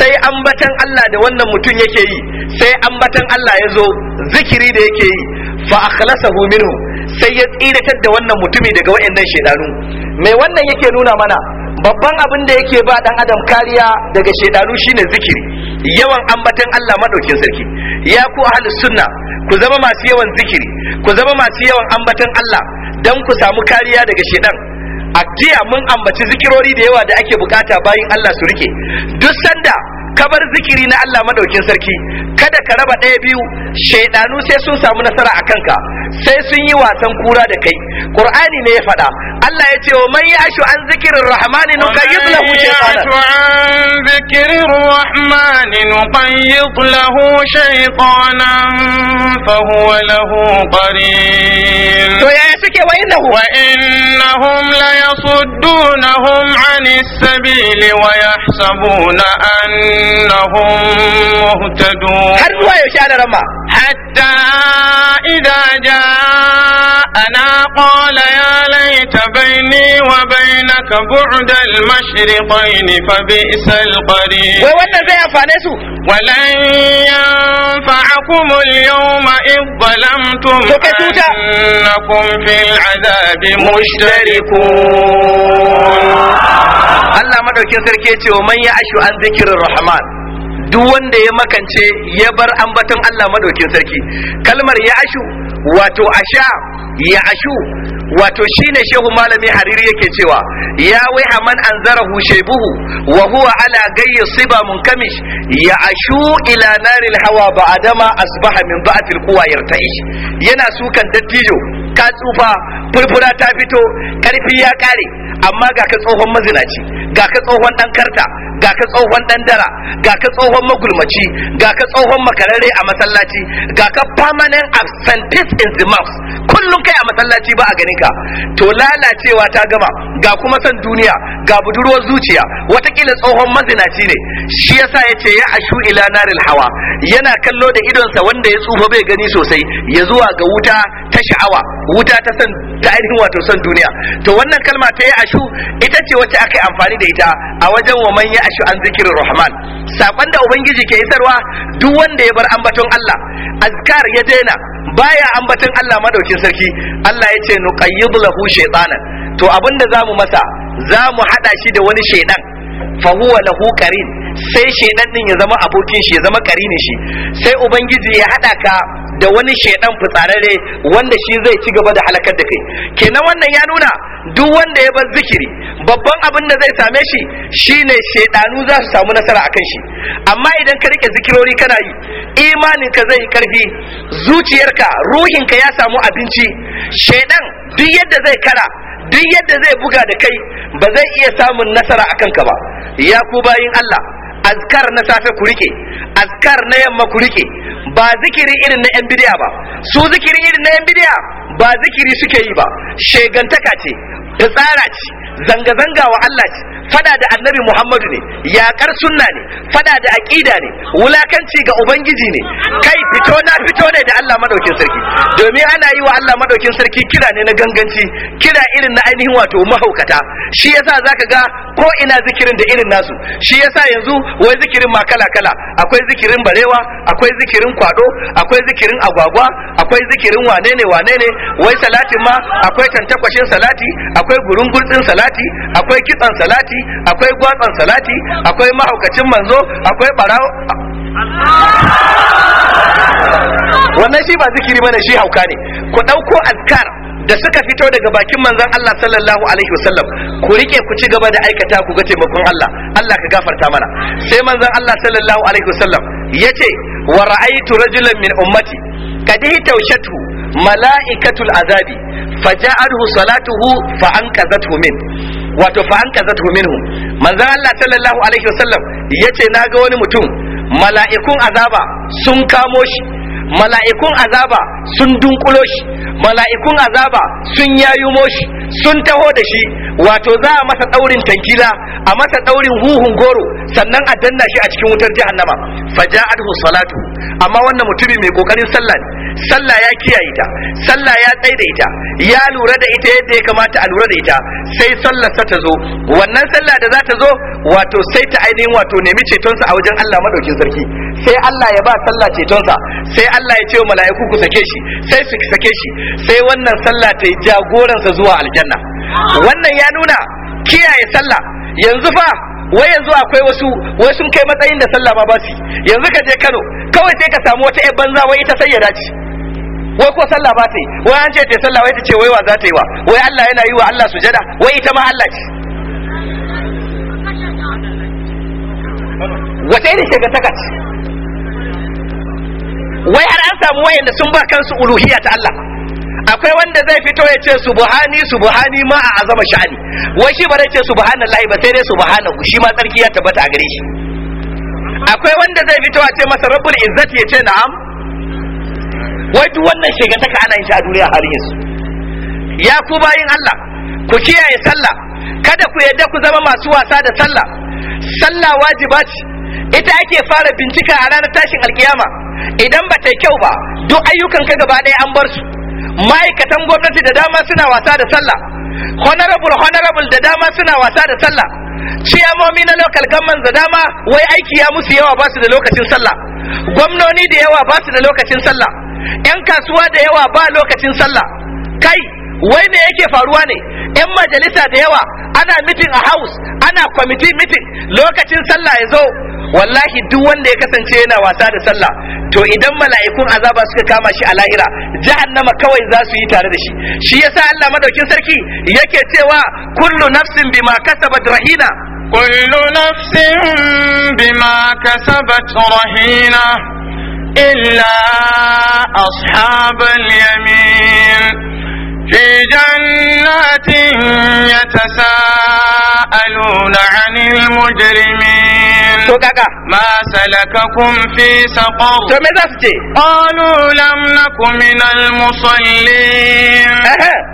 sai ambatan Allah da wannan mutum yake yi sai ambatan Allah ya zo zikiri da yake yi fa akhlasahu minhu sai ya tsiratar da wannan mutumi daga wayannan shaidanu Mai wannan yake nuna mana babban abin da yake ba dan adam kariya daga shaidanu shine zikiri yawan ambatan Allah madaukin sarki ya ku ahli sunna ku zama masu yawan zikiri ku zama masu yawan ambatan Allah dan ku samu kariya daga shedan a jiya mun ambaci zikirori da yawa da ake bukata bayin Allah su rike duk sanda ka bar zikiri na Allah madaukin sarki kada ka raba ɗaya biyu shaidanu sai sun samu nasara a kanka sai sun yi wasan kura da kai qur'ani ne ya faɗa Allah ya ce wa man yashu an zikirin rahmani nuqayyid lahu shaytanan an fa huwa lahu qarin to yaya suke wa innahu wa innahum la yasuddunahum anis sabili wa yahsabuna an إنهم مهتدون حتى إذا قال يا ليت بيني وبينك بعد المشرقين فبئس القرين ولن ينفعكم اليوم إذ ظلمتم أنكم في العذاب مشتركون Allah madaukin sarki ya ce wa man ya ashu an zikirin Rahman duk wanda ya makance ya bar ambaton Allah madaukin sarki kalmar ya ashu wato asha ya ashu wato shine shehu malami hariri yake cewa ya wai man anzarahu shebuhu wa huwa ala gayyi siba mun ya ashu ila naril hawa ba'adama asbaha min ba'atil quwa yarta'ish yana sukan dattijo ka tsufa furfura ta fito karfi ya kare amma ga ka tsohon mazinaci ga ka tsohon dan karta ga ka tsohon dan dara ga ka tsohon magulmaci ga ka tsohon makararre a masallaci ga ka permanent absentees in the mosque kullum kai a masallaci ba a ganin ka to lalacewa ta gama ga kuma san duniya ga budurwar zuciya watakila tsohon mazinaci ne shi yasa yace ya ashu ila naril hawa yana kallo da idonsa wanda ya tsufa bai gani sosai ya zuwa ga wuta ta sha'awa wuta ta san ta ainihin wato san duniya to wannan kalma ta yi ashu ita ce wacce aka yi amfani da da a wajen wa manya ya'ashu an zikirin rahman sakon da ubangiji ke isarwa duk wanda ya bar ambaton Allah azkar ya daina baya ambaton Allah madaukin sarki Allah ya ce nuqayyib lahu shaytanan to abinda zamu masa zamu hada shi da wani shaydan fa huwa lahu karim sai shedan din ya zama abokin shi ya zama karine shi sai ubangiji ya hada ka da wani shedan fitsarare wanda shi zai ci gaba da halakar da kai kenan wannan ya nuna duk wanda ya bar zikiri babban abin da zai same shi shine shedanu za su samu nasara akan shi amma idan ka rike zikirori kana yi imanin ka zai karfi zuciyarka ruhinka ya samu abinci shedan duk yadda zai kara duk yadda zai buga da kai ba zai iya samun nasara akan ka ba ya ku bayin Allah azkar na safe ku rike azkar na yamma ku rike ba zikiri irin na yan bidiya ba su zikiri irin na yan bidiya ba zikiri suke yi ba shegantaka ce da tsara ce zanga-zanga wa Allah ce fada da annabi muhammadu ne yakar sunna ne fada da aƙida ne wulakanci ga ubangiji ne kai fito na fito ne da allah madaukin sarki domin ana yi wa allah madaukin sarki kira ne na ganganci kira irin na ainihin wato mahaukata shi yasa zaka ga ko ina zikirin da irin nasu shi yasa yanzu wai zikirin ma kala kala akwai zikirin barewa akwai zikirin kwado akwai zikirin agwagwa akwai zikirin wane ne wane ne wai salati ma akwai tantakwashin salati akwai gurungurtsin salati akwai kitsan salati salati akwai gwatsan salati akwai mahaukacin manzo akwai barawo wannan shi ba zikiri bane shi hauka ne ku dauko azkar da suka fito daga bakin manzon Allah sallallahu alaihi wasallam ku rike ku ci gaba da aikata ku ga taimakon Allah Allah ka gafarta mana sai manzon Allah sallallahu alaihi wasallam yace wa ra'aytu rajulan min ummati kad hitawshatu mala'ikatul azabi faja'alhu salatuhu fa ankazathu min wato fa an kazatu minhu manzon Allah sallallahu alaihi wasallam yace ga wani mutum mala'ikun azaba sun kamo shi mala'ikun azaba sun dunkulo shi mala'ikun azaba sun yayumo shi sun taho da shi wato za a masa daurin tankila a masa daurin huhun goro sannan a danna shi a cikin wutar jahannama faja'athu salatu amma wannan mutumi mai kokarin sallah ne sallah ya kiyaye ta sallah ya tsaye da ita ya lura da ita yadda ya kamata a lura da ita sai sallar sa ta zo wannan sallah da za ta zo wato sai ta ainihin wato nemi cetonsa a wajen Allah madaukin sarki sai Allah ya ba sallah cetonsa sai Allah ya ce wa mala'iku ku sake shi sai su sake shi sai wannan sallah ta yi jagoransa zuwa al aljanna wannan ya nuna kiyaye sallah yanzu fa wai yanzu akwai wasu wai sun kai matsayin da sallah ma ba su yanzu ka je Kano kawai sai ka samu wata ƴar banza wai ita sai ya dace wai ko sallah ba ta yi wai an ce ta sallah wai ta ce wai wa za ta yi wa wai Allah yana yi wa Allah sujada wai ita ma Allah ce wata irin shiga ta kace wai har an samu wayanda sun ba kansu uluhiyya ta Allah akwai wanda zai fito ya ce subhani subhani ma a azama sha'ani wai shi ba zai ce subhanallahi ba sai dai subhanahu shi ma tsarki ya tabbata a gare shi akwai wanda zai fito a ce masa rabbul izzati ya ce na'am wai duk wannan shiga ta ana yin shi a duniya har yanzu ya ku bayin Allah ku kiyaye sallah kada ku yadda ku zama masu wasa da sallah sallah wajiba ce ita ake fara bincika a ranar tashin alkiyama idan ba ta kyau ba duk ayyukan ka gaba ɗaya an bar su ma'aikatan gwamnati da dama suna wasa da sallah honorable honorable da dama suna wasa da sallah ciyamomi na local government da dama wai aiki ya musu yawa basu su da lokacin sallah gwamnoni da yawa basu da lokacin sallah yan kasuwa da yawa ba lokacin sallah kai wai me yake faruwa ne 'yan majalisa da yawa ana mitin a house ana kwamiti mitin lokacin sallah ya zo wallahi duk wanda ya kasance yana wasa da sallah to idan mala'ikun azaba suka kama shi a lahira jahannama kawai za su yi tare da shi shi yasa Allah madaukin sarki yake cewa kullu nafsin bima kasabat rahina kullu nafsin bima kasabat rahina illa ashabal yamin في جنات يتساءلون عن المجرمين to kaka ma salakakum fi saqar to me za su ce qalu lam nakum min al musallin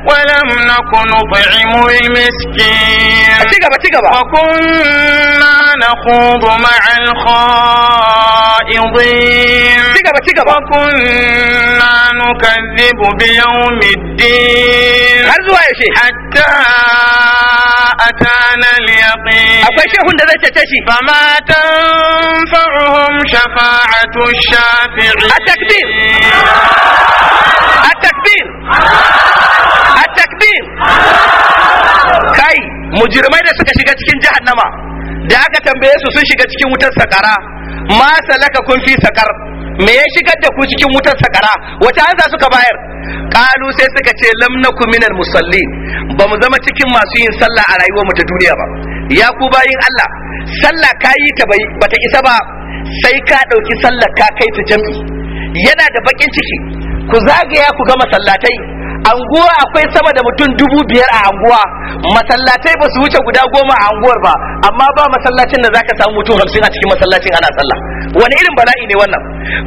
wa lam nakun nut'imu al miskin ci gaba ci gaba wa kunna nakhudu ma'a al khaidin ci gaba ci gaba wa kunna nukazzibu bi yawmiddin har zuwa yaushe hatta atana al yaqin akwai shehun da zai tace shi fa ma تنفعهم شفاعة الشافعين التكبير التكبير التكبير kai مجرمين da suka shiga cikin jahannama da aka tambaye su sun shiga cikin wutar sakara ma salaka kun fi sakar me ya shigar da ku cikin wutar sakara wata hanza suka bayar kalu sai suka ce lam naku minal musallin ba zama cikin masu yin sallah a rayuwar mu ta duniya ba ya ku bayin Allah sallah ka yi ta bata isa ba sai ka ɗauki sallah ka kai ta jam'i yana da bakin ciki ku zagaya ku ga masallatai anguwa akwai sama da mutum dubu biyar a anguwa masallatai ba su wuce guda goma a anguwar ba amma ba masallacin da zaka samu mutum hamsin a cikin masallacin ana sallah wani irin bala'i ne wannan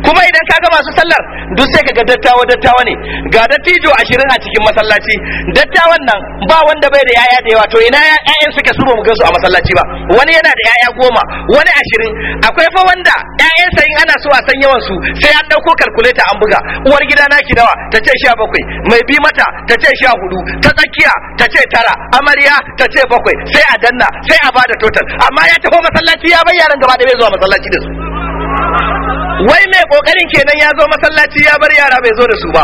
kuma idan ka ga masu sallar duk sai ka ga dattawa dattawa ne ga dattijo ashirin a cikin masallaci dattawan nan ba wanda bai da yaya da yawa to ina yayan suke su ba mu gansu a masallaci ba wani yana da yaya goma wani ashirin akwai fa wanda yayansa in ana so a san yawan su sai an dauko kalkuleta an buga uwar gida naki ki nawa ta ce sha bakwai mai bi mata ta ce sha hudu ta tsakiya ta ce tara amarya ta ce bakwai sai a danna sai a bada total amma ya tafi masallaci ya bayyana gaba da bai zuwa masallaci da su wai mai kokarin kenan ya zo masallaci ya bar yara bai zo da su ba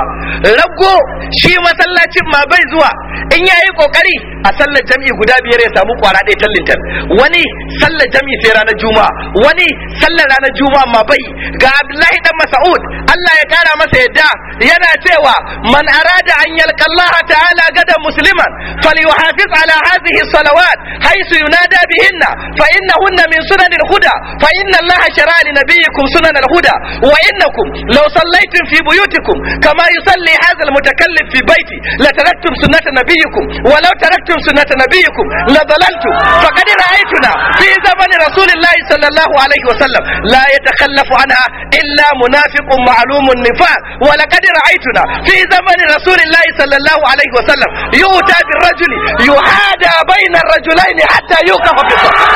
rago shi masallacin ma bai zuwa in ya yi kokari a sallar jam'i guda biyar ya samu kwara ɗaya tallintar wani sallar jam'i sai ranar juma'a wani sallar ranar juma'a ma bai ga abdullahi dan mas'ud Allah ya kara masa yadda yana cewa man arada an yalqa Allah ta'ala gada musliman falyuhafiz ala hadhihi salawat haythu yunada bihinna fa innahunna min sunanil huda fa inna Allah li nabiyyikum sunanal huda da wa innakum law sallaitum fi buyutikum kama yusalli hadha almutakallim fi baiti la taraktum sunnata nabiyikum wa law taraktum sunnata nabiyikum la dhalaltum faqad ra'aytuna fi zamani rasulillah sallallahu alayhi wa sallam la yatakhallafu anha illa munafiqun ma'lumun nifaq wa laqad ra'aytuna fi zamani rasulillah sallallahu alayhi wa sallam yu'ta birrajuli yuhada bayna rajulaini hatta yuqafa bi-sahab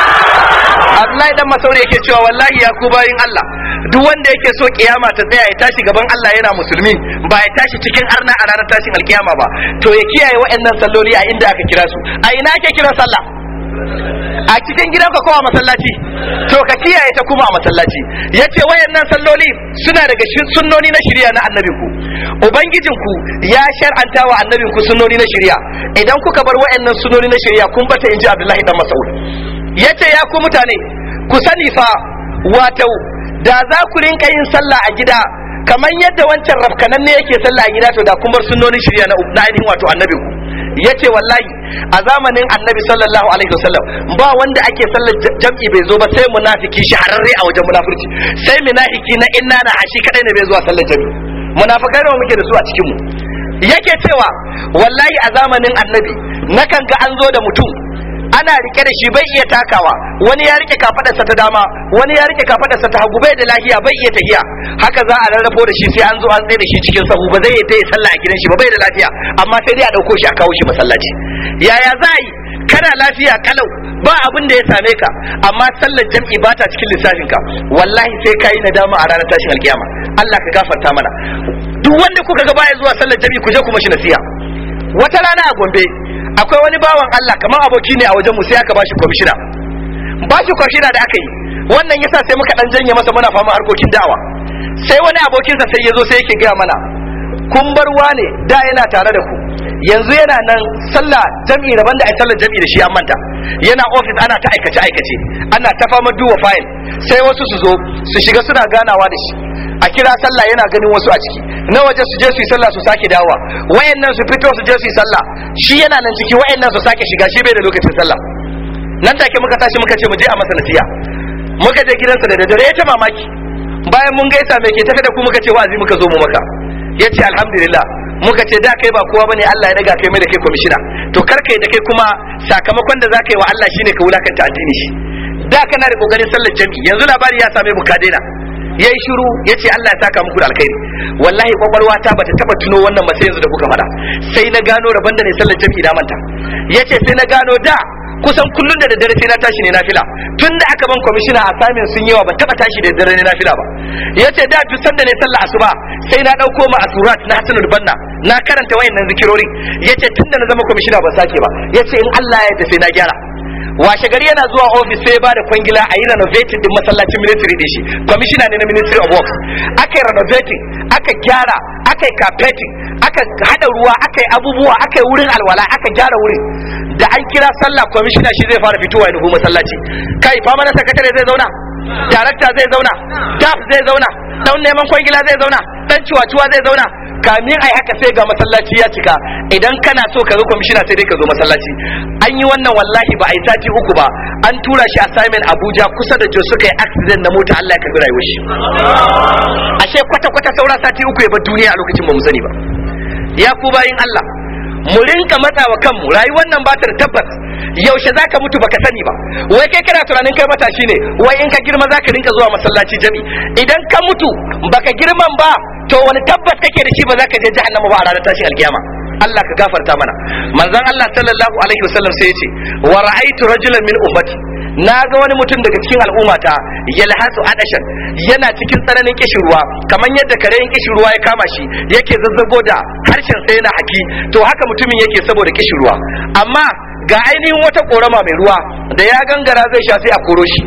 Allah idan masauri yake cewa wallahi ya ku bayin Allah wanda yake so kiyama ta tsaya ya tashi gaban Allah yana musulmi ba ya tashi cikin arna a ranar tashin alkiyama ba to ya kiyaye wa'annan salloli a inda aka kira su a ina ake kira sallah a cikin gidan ko a masallaci to ka kiyaye ta kuma a masallaci yace wayannan salloli suna daga sunnoni na shari'a na annabinku ku ya shar'anta wa annabinku sunnoni na shari'a idan kuka bar wayannan sunnoni na shari'a kun bata inji Abdullahi dan Mas'ud yace ya ku mutane ku sani fa wato da za ku rinka yin sallah a gida kamar yadda wancan rafkanan ne yake sallah a gida to da kuma sunnonin shirya na ainihin wato annabi ku yace wallahi a zamanin annabi sallallahu alaihi wasallam ba wanda ake sallar jam'i bai zo ba sai munafiki shahararre a wajen munafurci sai munafiki na inna na ashi kadai ne bai zuwa sallar jam'i munafikai nawa muke da su a cikin mu yake cewa wallahi a zamanin annabi nakan ga an zo da mutum ana rike da shi bai iya takawa wani ya rike kafadarsa ta dama wani ya rike kafadarsa ta hagu bai da lafiya bai iya tafiya haka za a rarrafo da shi sai an zo an tsaye da shi cikin sahu ba zai yi sallah a gidan shi ba bai da lafiya amma sai dai a dauko shi a kawo shi masallaci yaya za a yi kana lafiya kalau ba abin da ya same ka amma sallar jam'i ba ta cikin lissafin ka wallahi sai ka yi nadama a ranar tashin alkiyama Allah ka gafarta mana duk wanda kuka ga baya zuwa sallar jam'i ku je ku mashi nasiya wata rana a Gombe akwai wani bawan Allah kamar aboki ne a wajen mu sai aka bashi kwamishina bashi kwamishina da aka yi wannan yasa sai muka dan janye masa muna fama harkokin dawa. sai wani abokinsa sai ya zo sai yake gaya mana kun bar wane da yana tare da ku yanzu yana nan sallah jami'i daban da ai sallar jami'i da shi an manta yana office ana ta aikace aikace ana ta fama duwa file sai wasu su zo su shiga suna ganawa da shi a kira sallah yana ganin wasu a ciki na waje su je su yi sallah su sake dawa wayannan su fito su je su yi sallah shi yana nan ciki wayannan su sake shiga shi bai da lokacin sallah nan take muka tashi muka ce mu je a masa nasiya muka je gidansa da daddare ya mamaki bayan mun gaisa mai ke tafi da ku muka ce wa'azi muka zo mu maka ya ce alhamdulillah muka ce da kai ba kowa bane Allah ya daga kai mai da kai kwamishina to kar kai da kai kuma sakamakon da za ka yi wa Allah shine ka wulakanta addini shi da kana da kokarin sallar jami'i yanzu labari ya same mu ka daina ya yi shiru ya ce Allah ya saka muku da alkhairi wallahi kwakwalwa ta bata taba tuno wannan masa yanzu da kuka faɗa sai na gano rabon da ne sallar jami'i da manta ya ce sai na gano da kusan kullum da daddare sai na tashi ne nafila tun da aka ban kwamishina a samin sun yawa ban taba tashi da daddare ne nafila ba ya ce da duk sanda ne sallar asuba sai na ɗauko ma asurat na hasanu banna na karanta wayannan zikirori ya ce tun da na zama kwamishina ban sake ba ya ce in Allah ya yarda sai na gyara washe gari yana zuwa ofis sai ba da kwangila a yi renovating din masallacin ministry da shi commissioner ne na ministry of works aka yi renovating aka gyara aka yi carpeting aka hada ruwa aka yi abubuwa aka yi wurin alwala aka gyara wurin da an kira sallah commissioner shi zai fara fitowa ya masallaci kai fama na sakatare zai zauna darakta zai zauna staff zai zauna dan neman kwangila zai zauna dan ciwa ciwa zai zauna kamin ai haka sai ga masallaci ya cika idan kana so ka zo kwamishina sai dai ka zo masallaci an yi wannan wallahi ba a yi sati uku ba an tura shi assignment abuja kusa da jos suka yi accident na mota allah ya karbi rayuwar shi ashe kwata kwata saura sati uku ya bar duniya a lokacin ba mu sani ba ya ku bayin allah mu rinka matsa wa kanmu rayuwar nan batar tabbas yaushe za ka mutu baka sani ba wai kai kana tunanin kai matashi ne wai in ka girma za ka rinka zuwa masallaci jami idan ka mutu baka girman ba to wani tabbas kake da shi ba za ka je jahannama ba a ranar tashin alkiyama Allah ka gafarta mana manzon Allah sallallahu alaihi wasallam sai ya ce wa ra'aytu rajulan min ummati na ga wani mutum daga cikin al'ummata yalhasu adashan yana cikin tsananin kishirwa kamar yadda karen kishirwa ya kama shi yake zazzago da harshen sai yana haki to haka mutumin yake saboda kishin ruwa? amma ga ainihin wata korama mai ruwa da ya gangara zai sha sai a koro shi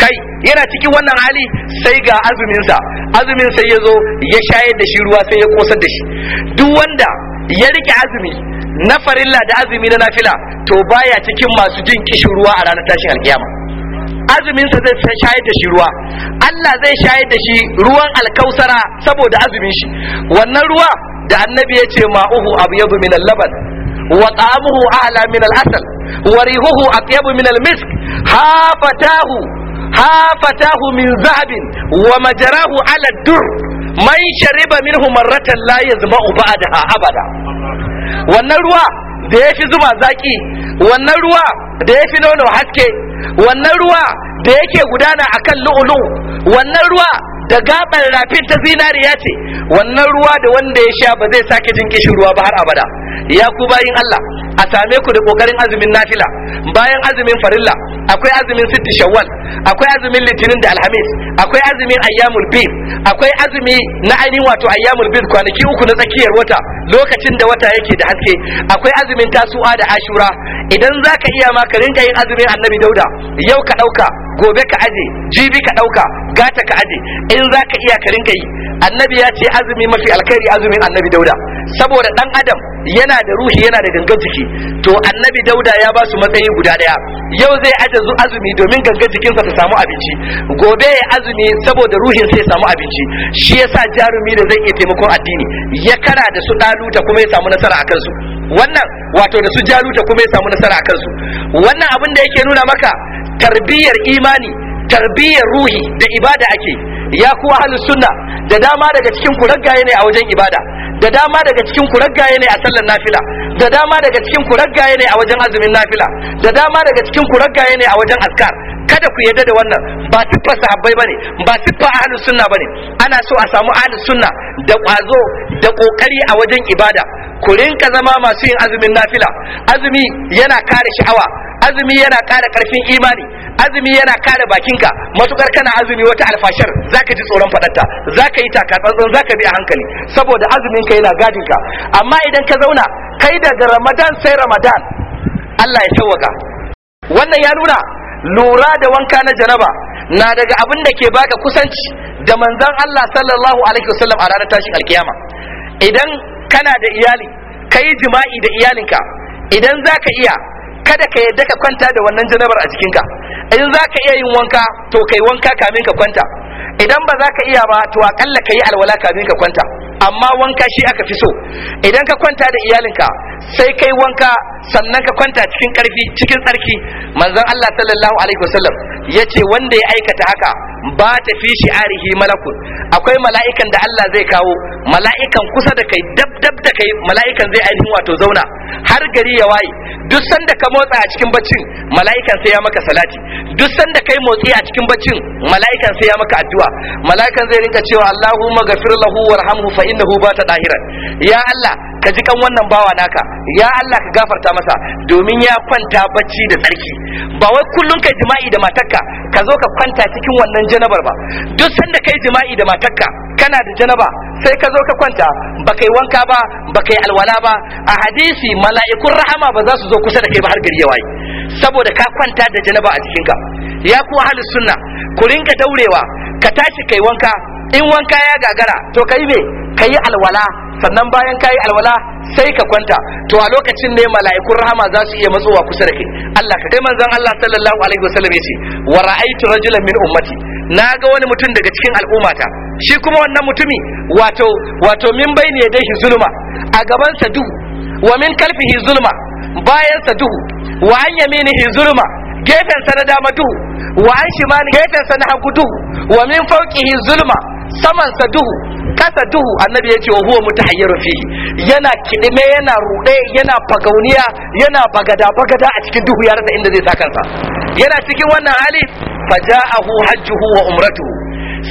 kai yana cikin wannan hali sai ga azuminsa azumin sai ya zo ya shayar da shi ruwa sai ya kosar da shi duk wanda ya rike azumi na farilla da azumi na nafila to baya cikin masu jin kishin ruwa a ranar tashin alkiyama azuminsa zai shayar da shi ruwa Allah zai shayar da shi ruwan alkausara saboda azumin shi wannan ruwa da annabi ya ce ma'uhu abu yadu min laban wa ta'amuhu a'la min al-asal wa rihuhu atyabu min al-misk ha fatahu ha fatahu min zahabin wa majarahu ala man shariba minhu marratan la yazma'u ba'daha abada wannan ruwa da ya fi zuba zaki wannan ruwa da yafi nono haske wannan ruwa da yake gudana akan lu'ulu wannan ruwa da gabar rafin ta zinariya ce wannan ruwa da wanda ya sha ba zai sake jin kishin ruwa ba har abada ya ku bayin Allah a same ku da kokarin azumin nafila bayan azumin farilla akwai azumin sitti shawwal akwai azumin litinin da alhamis akwai azumin ayyamul bid akwai azumi na ainihin wato ayyamul bid kwanaki uku na tsakiyar wata lokacin da wata yake da haske akwai azumin tasu'a da ashura idan zaka iya ma ka rinka yin azumin annabi dauda yau ka dauka gobe ka aje jibi ka dauka gata ka aje in za ka iya karin ka yi annabi ya ce azumi mafi alkhairi azumin annabi dauda saboda dan adam yana da ruhi yana da gangan jiki to annabi dauda ya ba su matsayi guda daya yau zai aje zu azumi domin gangan jikinsa ta samu abinci gobe ya azumi saboda ruhin sai samu abinci shi yasa jarumi da zai iya taimakon addini ya kara da su daluta kuma ya samu nasara a kansu wannan wato da su jaluta kuma ya samu nasara a kansu wannan abin da yake nuna maka tarbiyyar imani tarbiyyar ruhi da ibada ake ya kuwa halin sunna da dama daga cikin ku raggaye ne a wajen ibada da dama daga cikin ku raggaye ne a sallar nafila da dama daga cikin ku raggaye ne a wajen azumin nafila da dama daga cikin ku raggaye ne a wajen askar kada ku yarda da wannan ba tuffa sahabbai bane ba tuffa ahlus sunna bane ana so a samu ahlus sunna da kwazo da kokari a wajen ibada ku rinka zama masu yin azumin nafila azumi yana kare sha'awa azumi yana kare karfin imani azumi yana kare bakinka matukar kana azumi wata alfashar za zaka ji tsoron fadarta zaka yi taka tsantsan zaka bi a hankali saboda azumin ka yana gadin ka amma idan ka zauna kai daga Ramadan sai Ramadan Allah ya tawaka wannan ya nuna lura da wanka na janaba na daga abin da ke baka kusanci da manzon Allah sallallahu alaihi wasallam a ranar tashin alkiyama idan kana da iyali kai jima'i da iyalinka idan zaka iya kada ka yadda ka kwanta da wannan janabar a jikinka in zaka iya yin wanka to kai wanka kamin ka kwanta idan ba za ka iya ba to akalla ka yi alwala kafin ka kwanta amma wanka shi aka fi so idan ka kwanta da iyalinka sai kai wanka sannan ka kwanta cikin karfi cikin tsarki manzon Allah sallallahu alaihi wasallam ya ce wanda ya aikata haka ba ta fi arihi malakun akwai mala'ikan da Allah zai kawo mala'ikan kusa da kai dab dab da kai mala'ikan zai ainihin wato zauna har gari ya waye duk sanda ka motsa a cikin baccin mala'ikan sai ya maka salati duk sanda kai motsi a cikin baccin mala'ikan sai ya maka addu'a mala'ikan zai rinka cewa Allahumma ghafir lahu warhamhu fa innahu bata dahiran ya Allah ka ji kan wannan bawa naka ya Allah ka gafarta masa domin ya kwanta bacci da tsarki ba wai kullum kai jima'i da matarka ka zo ka kwanta cikin wannan janabar ba duk sanda kai jima'i da matarka kana da janaba sai ka zo ka kwanta ba kai wanka ba ba kai alwala ba a hadisi mala'ikun rahama ba za su zo kusa da kai ba har gari ya waye saboda ka kwanta da janaba a cikin ka ya ku ahlus sunna ku rinka daurewa ka tashi kai wanka in wanka ya gagara to kai me kai alwala sannan bayan kayi alwala sai ka kwanta to a lokacin ne mala'ikun rahama za su iya matsowa kusa da kai Allah ka kai manzon Allah sallallahu alaihi wasallam yace wa ra'aytu rajulan min ummati naga wani mutum daga cikin al'ummata shi kuma wannan mutumi wato wato min bayni yadayhi zulma a gaban sa duhu wa min kalfihi zulma bayan sa duhu wa an yaminihi zulma Gefensa na dama duhu wa an shimali gefen sa na hagu duhu wa min fawqihi zulma samansa duhu kasa duhu annabi ya ce wa huwa mutahayyirun fihi yana kiɗime yana ruɗe yana fagauniya yana bagada bagada a cikin duhu ya rasa inda zai sa kansa yana cikin wannan hali ja'ahu hajjuhu wa umratuhu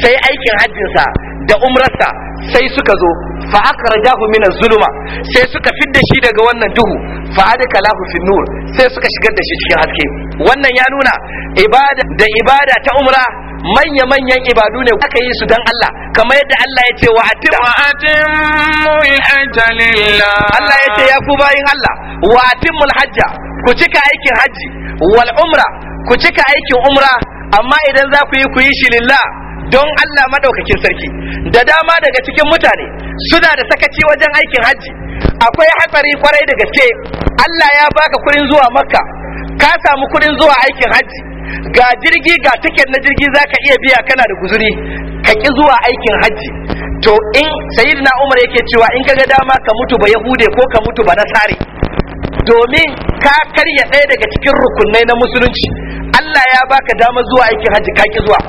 sai aikin hajjinsa da umrarsa sai suka zo fa ka min az-zuluma sai suka fidda shi daga wannan duhu fa lahu fi nur sai suka shigar da shi cikin haske wannan ya nuna ibada da ibada ta umra manya manyan ibadu ne aka yi su dan Allah kamar yadda Allah ya ce wa atimul hajja lillah Allah ya ce ya ku bayin Allah wa atimul hajja ku cika aikin hajji. wal umra ku cika aikin umra amma idan za ku yi ku yi shi lillah don Allah madaukakin sarki da dama daga cikin mutane suna da sakaci wajen aikin hajji akwai hatsari kwarai da gaske Allah ya baka kurin zuwa makka ka samu kurin zuwa aikin hajji ga jirgi ga tiket na jirgi za ka iya biya kana da guzuri ka ki zuwa aikin hajji to in sayyidina umar yake cewa in kaga dama ka mutu ba yahude ko ka mutu ba nasare domin ka karya ɗaya daga cikin rukunai na musulunci Allah ya baka dama zuwa aikin hajji ka ki zuwa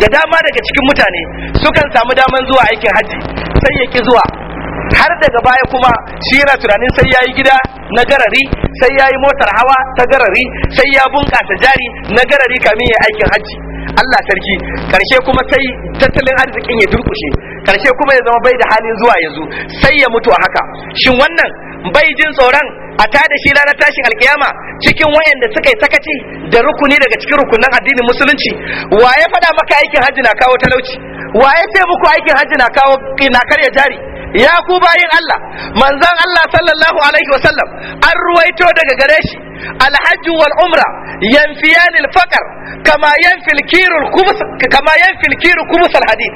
da dama daga cikin mutane sukan samu daman zuwa aikin haji sai ya ki zuwa har daga baya kuma shi yana tunanin sai ya yi gida na garari sai ya yi motar hawa ta garari sai ya bunƙasa jari na garari kamin ya aikin hajji Allah sarki karshe kuma sai tattalin arzikin ya durkushe karshe kuma ya zama bai da halin zuwa yanzu sai ya mutu a haka shin wannan bai jin tsoron a ta da shi ranar tashin alkiyama cikin wayanda suka yi sakaci da rukuni daga cikin rukunan addinin musulunci wa ya faɗa maka aikin hajji na kawo talauci wa ya ce muku aikin hajji na kawo na karya jari ya ku bayin Allah manzon Allah sallallahu alaihi wasallam an ruwaito daga gare shi Alhajji wal Umra, الفقر كما ينفي الكير الكبس كما ينفي الكير كبس الحديد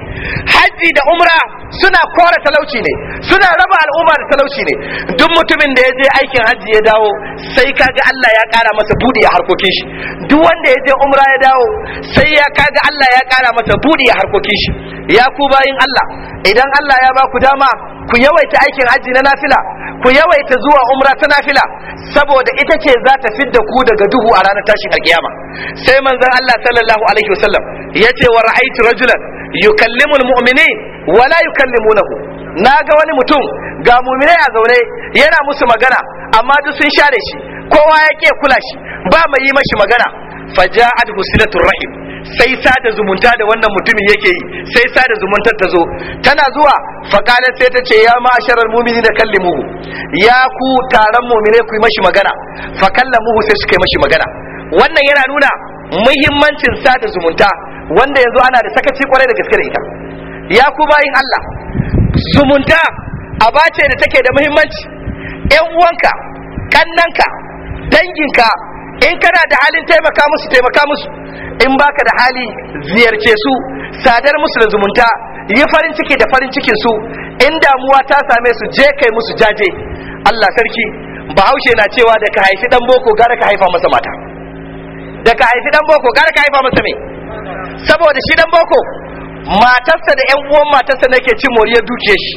da umra suna kore talauci ne suna raba al'umma da talauci ne duk mutumin da ya je aikin hajji ya dawo sai kaga Allah ya kara masa budi ya duk wanda ya je umra ya dawo sai ya kaga Allah ya kara masa budi ya harkokin ya ku bayin Allah idan Allah ya ba ku dama ku yawaita aikin hajji na nafila ku yawaita zuwa umra ta nafila saboda ita ce za za ta fidda ku daga duhu a ranar tashin alkiyama sai manzon Allah sallallahu alaihi wasallam yace wa ra'aytu rajulan yukallimu almu'minin wa la yukallimunahu naga wani mutum ga mu'minai a zaune yana musu magana amma duk sun share shi kowa ya ke kula shi ba mai yi mashi magana faja'at husilatur rahim sai sada zumunta da wannan mutumin yake yi sai sada zumuntar ta zo tana zuwa faƙala sai ta ce ya ma'asharar mumini da kallimuhu ya ku taron mumine ku yi mashi magana muhu sai suka yi mashi magana wannan yana nuna muhimmancin sada zumunta wanda yanzu ana da sakaci kwarai da gaske da ita ya ku bayin Allah zumunta aba ce da take da muhimmanci yan uwanka kannanka danginka in kana da halin taimaka musu taimaka musu in baka da hali ziyarce su sadar musu da zumunta yi farin ciki da farin cikin su in damuwa ta same su je kai musu jaje Allah sarki bahaushe na cewa da ka haifi dan boko gara ka haifa masa mata da ka haifi dan boko gara ka haifa masa me saboda shi dan boko matarsa da yan uwan matarsa nake cin moriyar dukiyar shi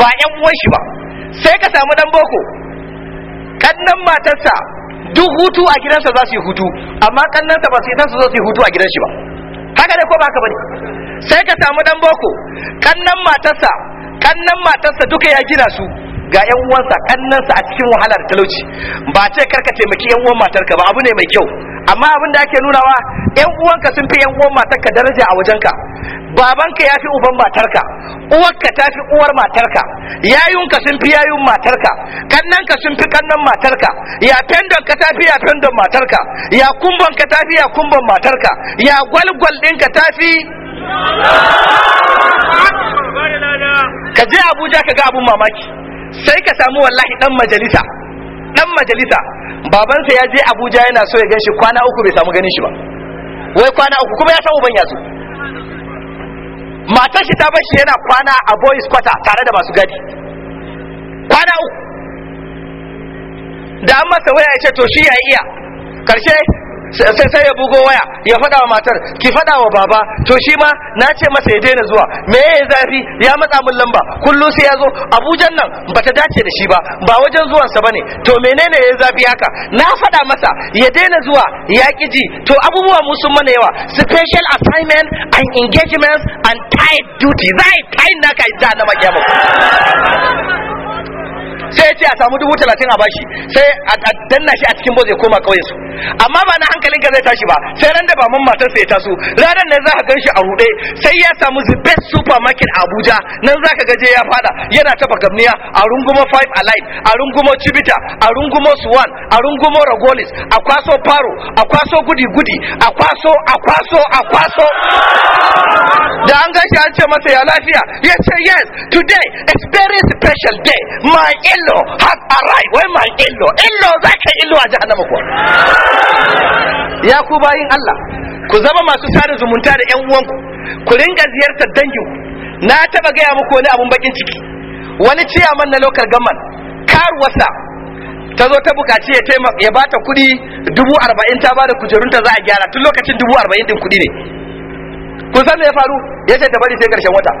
ba yan uwan shi ba sai ka samu dan boko kannan matarsa duk hutu a gidansa za su yi hutu amma kannansa ba su yi su zo su yi hutu a gidan shi ba haka dai ko ba haka bane sai ka samu dan boko kannan matarsa kannan matarsa duka ya gina su ga yan uwansa kannansa a cikin wahala da talauci ba ce karka taimaki yan uwan matarka ba abu ne mai kyau amma abin da ake nunawa yan uwanka sun fi yan uwan matarka daraja a wajenka babanka ya fi uban matarka uwarka ta fi uwar matarka yayunka sun fi yayun matarka kannanka sun fi kannan matarka ya fendonka ta fi ya fendon matarka ya kumbonka ta fi ya kumbon matarka ya gwalgwal ɗinka ta fi ka je abuja ka ga abun mamaki sai ka samu wallahi dan majalisa dan majalisa babansa ya je abuja yana so ya ganshi kwana uku bai samu ganin shi ba wai kwana uku kuma ya samu uban yazo matar shi ta bar yana kwana a boys quarter tare da masu gadi kwana uku da an masa waya ya ce to shi ya iya karshe sai sai ya bugo waya ya faɗa wa matar ki faɗa wa baba to shi ma na ce masa ya daina zuwa me ya zafi ya matsa min lamba kullum sai ya zo abujan nan ta dace da shi ba ba wajen zuwansa bane to menene ya zafi haka na faɗa masa ya daina zuwa ya ji to abubuwa mu sun mana yawa special assignment and engagements and tight duty zai tight naka da na makiyama sai ya ce a samu dubu talatin a bashi sai a danna shi a cikin bozo ya koma ƙauyen su amma ba na ka zai tashi ba sai ran da matar sai ya taso ranar nan za ka gan a rude sai ya samu the best supermarket a Abuja nan za ka gaje ya fada yana tafa gamniya a rungumo five alive a rungumo cibita a rungumo swan a rungumo ragolis a kwaso faro a kwaso gudi gudi a kwaso a kwaso a kwaso da an gashi an ce masa ya lafiya ya ce yes today is very special day my Illo har a arrived wai ma illo, illo illo a jahannama ko ya ku bayin Allah ku zama masu sada zumunta da 'yan uwanku ku ringa ziyartar ku, na taba gaya muku wani abun bakin ciki wani ciyaman na local gaman karuwarsa ta zo ta bukaci ya taimaka ya bata kuɗi dubu arba'in ta bada kujerunta za a gyara tun lokacin dubu arba'in din kuɗi ne ku san me ya faru ya ta bari sai karshen wata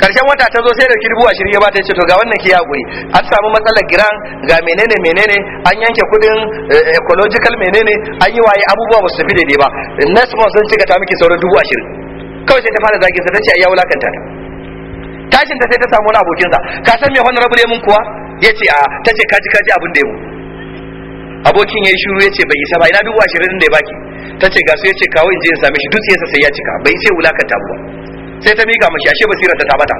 karshen wata ta zo sai da dubu ashirin ya bata ya ce to ga wannan ki yaƙuri an samu matsalar giran ga menene menene an yanke kudin eh, ecological menene an yi waye abubuwa ba su tafi daidai ba next month sun cika ta miki sauran dubu ashirin kawai sai ta fara zagin sa ta ce a ya wulakanta ta tashin ta sai ta samu wani abokin sa ka san me honorable ya mun kuwa ya ce a ta ce kaji kaji abin da ya mu. abokin ya yi shiru ya ce bai isa ba ina dubu ashirin da ya baki ta ce ga su ya ce kawo in je in same shi dutse sai ya cika bai sai wulakanta ba sai ta mika mashi ashe basirar ta bata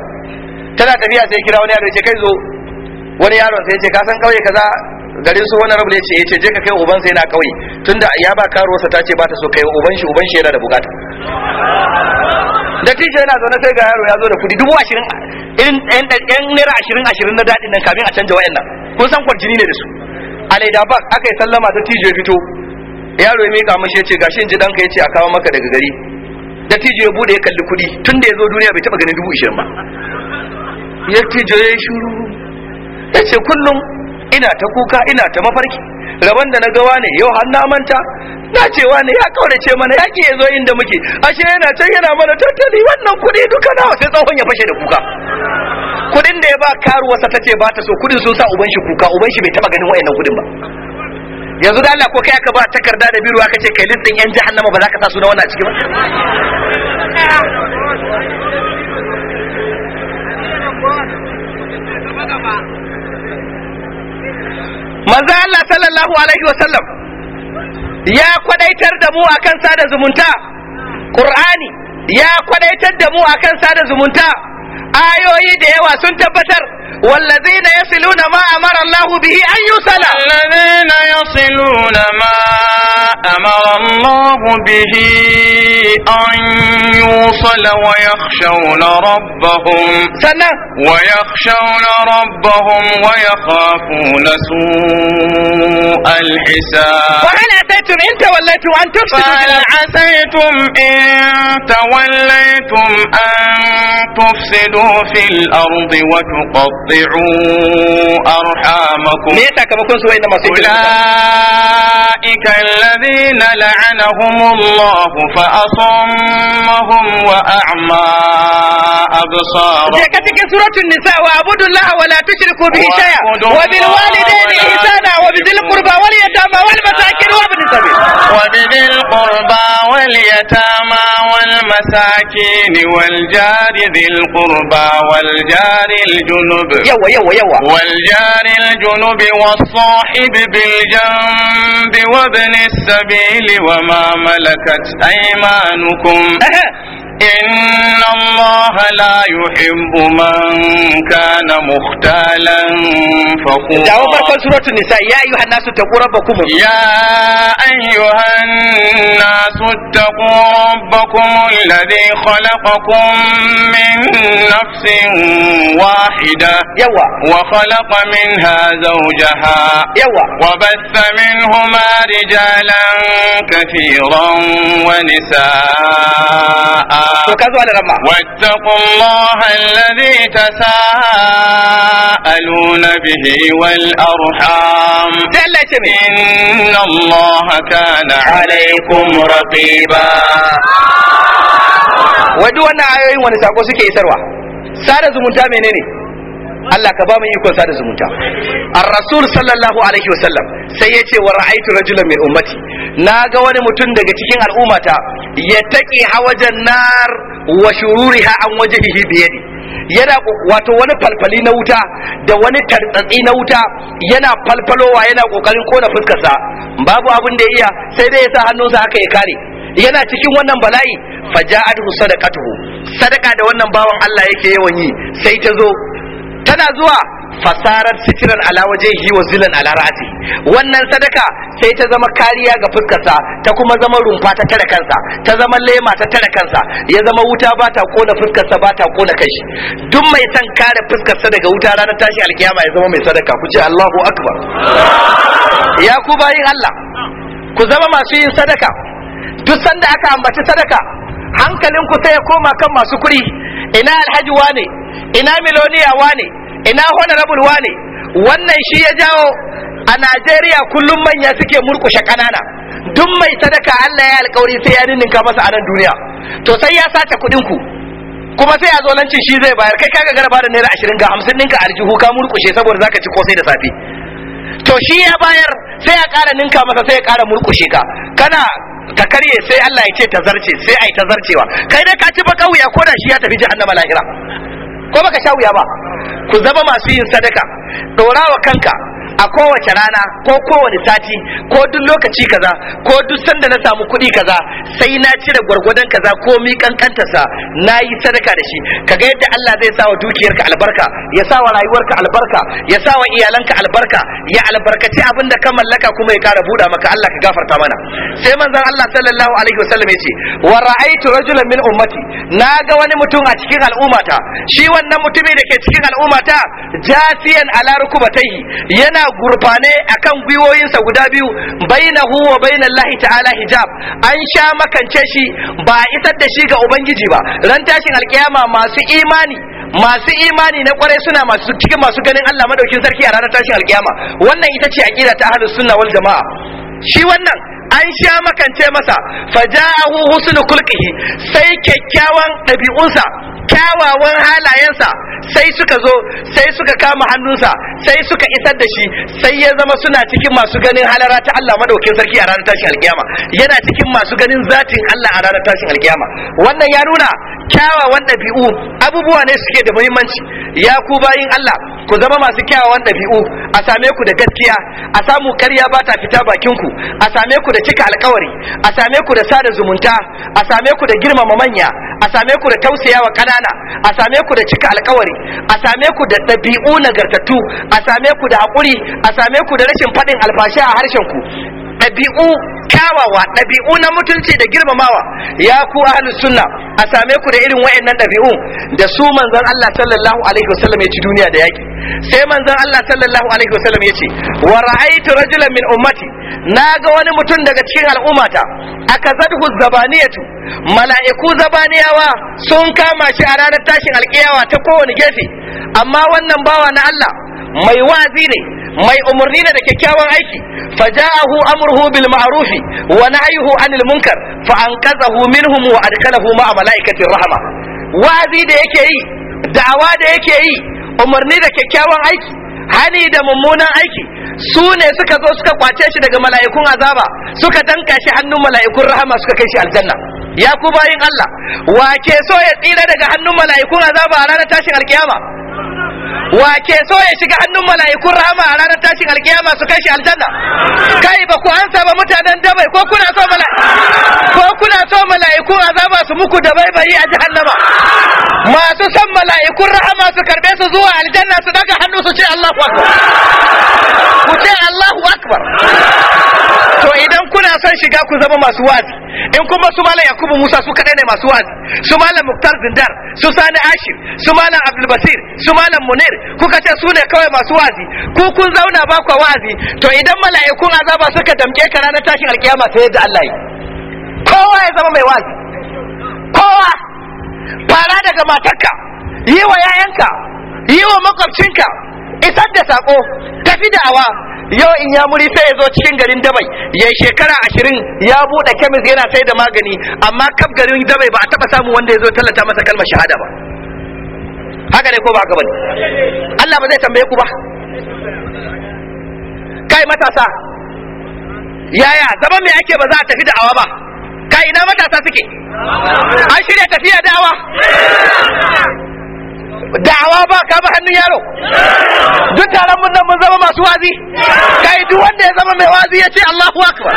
tana tafiya sai kira wani yaro ya ce kai zo wani yaron sai ya ce ka san kauye kaza garin su wani rabu ne ce yace je ka kai uban sai na kauye tunda ya ba karuwarsa ta ce ba ta so kai uban shi uban shi yana da bukata da tisha yana zaune sai ga yaro ya zo da kudi dubu ashirin irin yan naira ashirin ashirin na daɗin nan kamin a canja wayannan kun san kwarjini ne da su a laida bak aka yi sallama ta tisha fito yaro ya miƙa mashi ya ce gashi in ji ɗanka ya ce a kawo maka daga gari dattijo ya bude ya kalli kudi tun da ya zo duniya bai taba ganin dubu ishirin ba ya tijo ya yi shuru ya ce kullum ina ta kuka ina ta mafarki rabon da na gawa ne yau har na manta na cewa wane ya kaurace mana ya ki zo inda muke ashe yana can yana mana tattali wannan kudi duka nawa sai tsohon ya fashe da kuka kudin da ya ba karuwarsa ta ce ba ta so kudin sun sa uban shi kuka uban shi bai taba ganin wayannan kudin ba yanzu da Allah ko kai aka ba takarda da biro aka ce kai listin yan jahannama ba za ka sa suna wannan a ciki ba manzo Allah sallallahu alaihi wa sallam ya kwadaitar da mu akan sada zumunta Qur'ani ya kwadaitar da mu akan sada zumunta ayoyi da yawa sun tabbatar wallazina yasiluna ma amara Allah bihi an yusala wallazina yasiluna ma amara Allah bihi an yusala wa yakhshawna rabbahum sannan wa yakhshawna rabbahum wa yakhafuna su'al hisab fa hal ataytum in tawallaytum an tufsidu fa hal ataytum in tawallaytum an tufsidu في الأرض وتقطعوا أرحامكم أولئك الذين لعنهم الله فأصمهم وأعمى أبصارهم جاءت سورة النساء وأعبدوا الله ولا تشركوا به شيئا وبالوالدين إحسانا وبذي القربى واليتامى والمساكين وابن السبيل وبذي القربى واليتامى والمساكين والجار ذي القربى والجار الجنب يوا يوا يوا والجار الجنب والصاحب بالجنب وابن السبيل وما ملكت أيمانكم إن الله لا يحب من كان مختالا فخورا دعوا بركة سورة النساء يا أيها الناس اتقوا ربكم يا أيها اتقوا ربكم الذي خلقكم من نفس واحدة يوا وخلق منها زوجها يوا وبث منهما رجالا كثيرا ونساء واتقوا الله الذي تساءلون به والأرحام إن الله كان عليكم رحيما رقيبا wadu wannan ayoyin wani sako suke isarwa sada zumunta menene Allah ka ba mu ikon sada zumunta ar-rasul sallallahu alaihi wasallam sai ya ce wa ra'aitu rajulan min ummati na ga wani mutum daga cikin al'ummata ya taƙi hawajan nar wa shururiha an wajhihi bi yadi yana wato wani falfali na wuta da wani tartsatsi na wuta yana falfalowa yana kokarin kona fuskarsa babu abin da iya sai dai ya sa hannunsa haka ya kare yana cikin wannan bala'i faja'atuhu sadaqatuhu sadaka da wannan bawan Allah yake yawan yi sai ta zo tana zuwa fasarar sitiran ala yi wa zilan ala ra'asi wannan sadaka sai ta zama kariya ga fuskarsa ta kuma zama rumfa ta tare kansa ta zama lema ta tare kansa ya zama wuta ba ta kona fuskarsa ba ta kona kashi duk mai san kare fuskarsa daga wuta ranar tashi alkiyama ya zama mai sadaka ku ce Allahu akbar ya ku bayin Allah ku zama masu yin sadaka duk sanda aka ambaci sadaka hankalinku sai ya koma kan masu kuɗi ina alhaji wane ina miloniya wane ina honorable wane wannan shi ya jawo a Najeriya kullum manya suke murkushe kanana duk mai sadaka Allah ya alkawari sai ya ninninka masa a nan duniya to sai ya sace kuɗin ku kuma sai ya zo lancin shi zai bayar kai kaga garba da naira ashirin ga hamsin ninka aljihu ka murkushe saboda zaka ci kosai da safe to shi ya bayar sai ya ƙara ninka masa sai ya ƙara murkushe ka kana ta karye sai Allah ya ce ta zarce sai ai ta zarcewa kai dai ka ci ba kauya ko da shi ya tafi jahannama lahira ko baka sha wuya ba ku zama masu yin sadaka ɗora wa kanka a kowace rana ko kowane sati ko duk lokaci kaza ko duk sanda na samu kuɗi kaza sai na cire gwargwadon kaza ko mi kankantarsa na yi sadaka da shi kaga yadda Allah zai sa wa dukiyarka albarka ya sa wa rayuwarka albarka ya sa wa iyalanka albarka ya albarkaci abin da ka mallaka kuma ya kara buɗa maka Allah ka gafarta mana sai manzon Allah sallallahu alaihi wasallam ya ce wa ra'aitu rajulan min ummati na ga wani mutum a cikin al'ummata shi wannan mutumin da ke cikin al'ummata jasiyan ala rukubatai yana gurfane akan gwiwoyinsa guda biyu Baina wa bainallahi ta'ala hijab an sha makance shi ba isar da shi ga ubangiji ba ran tashin alkiyama masu imani masu imani na kwarai suna masu cikin masu ganin Allah madaukin sarki a ranar tashin alkiyama wannan ita ce aqida ta ahlus sunna wal jamaa shi wannan an sha makance masa faja'ahu husnul kulqihi sai kyakkyawan dabi'unsa kyawawan halayensa sai suka zo sai suka kama hannunsa sai suka isar da shi sai ya zama suna cikin masu ganin halara ta Allah madaukin sarki a ranar tashin alkiyama yana cikin masu ganin zatin Allah a ranar tashin alkiyama wannan ya nuna kyawawan ɗabi'u abubuwa ne suke da muhimmanci ya ku Allah ku zama masu kyawawan ɗabi'u a same ku da gaskiya a samu karya ba ta fita ku, a same ku da cika alkawari a same ku da sada zumunta a same ku da girmama manya a same ku da tausayawa ƙanana a same ku da cika alkawari a same ku da ɗabi'u nagartattu a same ku da haƙuri a same ku da rashin faɗin albashi a harshen ku ɗabi'u kyawawa ɗabi'u na mutunci da girmamawa ya ku ahlus sunna a same ku da irin wa'annan ɗabi'u da su manzon Allah sallallahu alaihi wasallam ya ci duniya da yaki sai manzon Allah sallallahu alaihi wasallam ya ce wa ra'aytu rajulan min ummati naga wani mutum daga cikin al'ummata aka zadhu zabaniyatu mala'iku zabaniyawa sun kama shi a ranar tashin alkiyawa ta kowane gefe amma wannan bawa na Allah mai wazi ne mai umarni da kyakkyawan aiki faja'ahu amruhu bil ma'ruf wa nahyuhu anil munkar fa anqazahu minhum wa adkalahu ma'a malaikati rahma wazi da yake yi da'awa da yake yi umarni da kyakkyawan aiki hani da mummunan aiki su ne suka zo suka kwace shi daga mala'ikun azaba suka danka shi hannun mala'ikun rahama suka kai shi aljanna ya ku bayin Allah wa ke so ya tsira daga hannun mala'ikun azaba a ranar tashin alkiyama wa ke so ya shiga hannun mala'ikun rahama a ranar tashin alkiyama su kai shi aljanna kai ba ku ansa ba mutanen dabai ko kuna so mala ko kuna so azaba su muku da bai a jahannama masu san mala'ikun rahama su karbe su zuwa aljanna su daga hannu su ce Allahu akbar ku ce Allahu akbar to idan kuna son shiga ku zama masu wazi in kuma su malam yakubu musa su kaɗai ne masu wazi su malam muktar zindar su sani ashir su malam Abdulbasir? su malam munir kuka ce su ne kawai masu wazi ku kun zauna ba ku wazi to idan mala'ikun azaba suka damke ka ranar tashin alkiyama sai yadda Allah yi kowa ya zama mai wazi kowa fara daga matarka yi wa yayanka yi wa makwabcinka isar da sako tafi da'awa yau in ya muri sai ya zo cikin garin dabai ya shekara ashirin ya buɗe kemis yana sai da magani amma kaf garin dabai ba a taɓa samu wanda ya zo tallata masa kalmar shahada ba haka ne ko ba haka bane Allah ba zai tambaye ku ba kai matasa yaya zaman me ake ba za a tafi da awa ba kai ina matasa suke an shirya tafiya da awa da'awa ba ka ba hannun yaro duk taron mun nan mun zama masu wazi kai duk wanda ya zama mai wazi ya ce Allahu akbar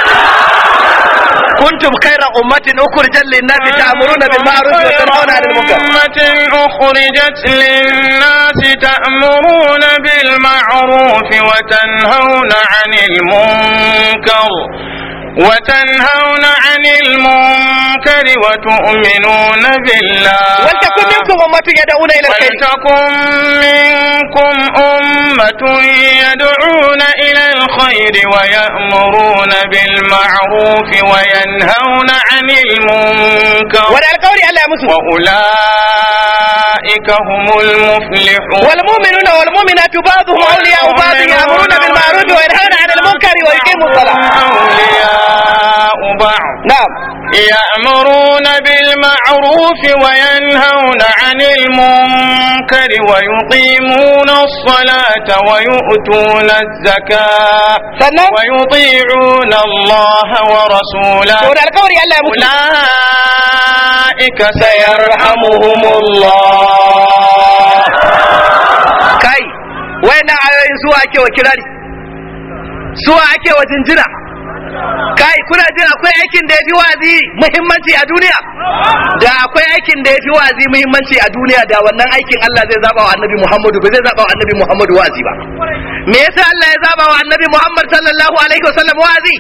ta'muruna bil ma'ruf wa للناس 'anil munkar ummatin ukhrijat lin أمة ta'muruna bil ma'ruf wa 'anil munkar وتنهون عن المنكر وتؤمنون بالله ولتكن منكم أمة يدعون إلى الخير ولتكن منكم أمة يدعون إلى الخير ويأمرون بالمعروف وينهون عن المنكر ولا القول ألا وأولئك هم المفلحون والمؤمنون والمؤمنات بعضهم أولياء بعض يأمرون بالمعروف وينهون عن المنكر ويقيمون الصلاة بعض نعم يأمرون بالمعروف وينهون عن المنكر ويقيمون الصلاة ويؤتون الزكاة ويطيعون الله ورسوله أولئك سيرحمهم الله كي وين عيسوا أكي وكلاري سوى أكي وزنجنا kai kuna jin akwai aikin da ya fi wazi muhimmanci a duniya da akwai aikin da ya fi wazi muhimmanci a duniya da wannan aikin Allah zai zaba wa annabi Muhammadu ba zai zaba wa annabi Muhammadu wazi ba me yasa Allah ya zaba wa annabi Muhammad sallallahu alaihi wasallam wa'azi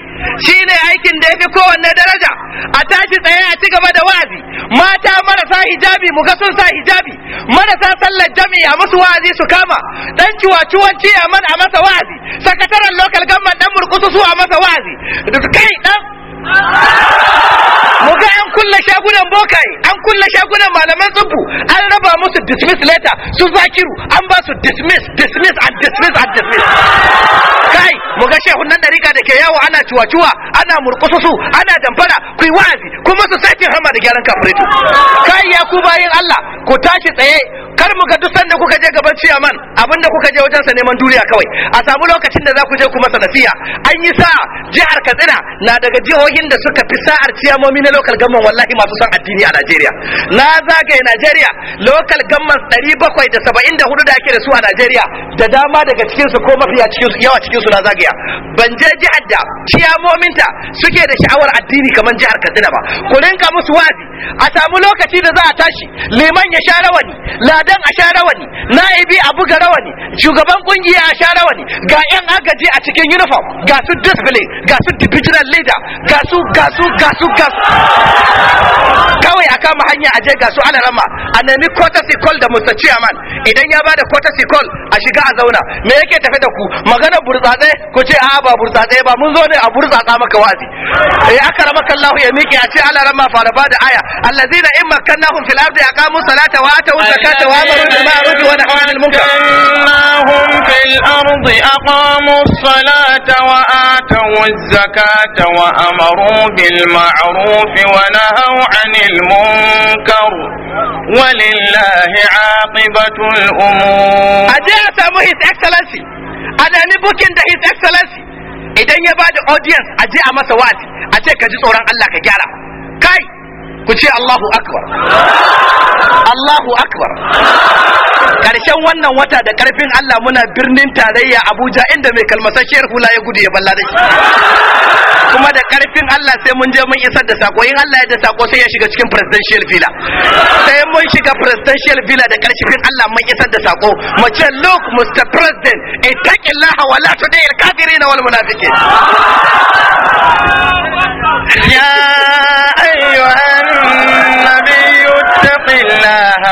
shine aikin da yafi kowanne daraja a tashi tsaye a ci gaba da wa'azi mata marasa hijabi mu ga sun sa hijabi marasa sallar jami'a musu wa'azi su kama dan ciwaciwan a man a masa wa'azi sakataren local government dan murkusu su a masa wa'azi kai dan mu ga an kulle shagunan bokai an kulle shagunan malaman tsubu dismiss letter su zakiru an ba su dismiss dismiss and dismiss and dismiss kai mu ga shehu nan dariƙa da ke yawo ana cuwa-cuwa ana su ana damfara ku yi wa'azi kuma su sai hama da gyaran kafiritu kai ya ku bayin Allah ku tashi tsaye kar mu ga duk sanda kuka je gaban ciyaman abinda kuka je wajen sa neman duniya kawai a samu lokacin da za ku je ku masa nasiya an yi sa jihar Katsina na daga jihohin da suka fi sa'ar ciyamomi na lokal gamman wallahi masu son addini a Najeriya na zagaye Najeriya lokal gamman 774 da ake da su a Najeriya da dama daga cikin su ko mafiya cikin yawa cikin su zagaya ban je jihar da mominta suke da sha'awar addini kamar jihar Kaduna ba ku rinka musu wazi a samu lokaci da za a tashi liman ya sha rawani ladan a sha rawani na'ibi a buga rawani shugaban kungiya a sha rawani ga yan agaji a cikin uniform ga su display ga su divisional leader ga su ga su ga su ga su kawai a kama hanya a je ga su ana rama a nemi courtesy call da Mr. Chairman idan ya bada courtesy call a shiga a zauna me yake tafe da ku magana burza zai ku ce a ba burtsatse ba mun zo ne a burtsatsa maka wazi eh aka rama kallahu ya miƙe a ce Allah rama fara bada aya allazina in makkannahum fil ardi aqamu salata wa atu zakata wa amaru bil ma'ruf wa nahaw anil munkar innahum fil ardi aqamu salata wa atu zakata wa amaru bil ma'ruf wa nahaw anil munkar ولله عاقبة الأمور أجل سامو His Excellency an ni booking da his excellency idan ya ba da audience a je a masa wa'azi a ce ka ji tsoron Allah ka gyara kai ku ce Allahu akbar Allahu akbar karshen wannan wata da karfin Allah muna birnin tarayya Abuja inda mai kalmasasshiyar hula ya gudu ya balla da shi kuma da karfin Allah sai mun je mun isar da sako in Allah ya da sako sai ya shiga cikin presidential villa sai mun shiga presidential villa da karfin Allah mun isar da sako mu ce look Mr President ittaqillaha wa la kafirin wal munafiqin ya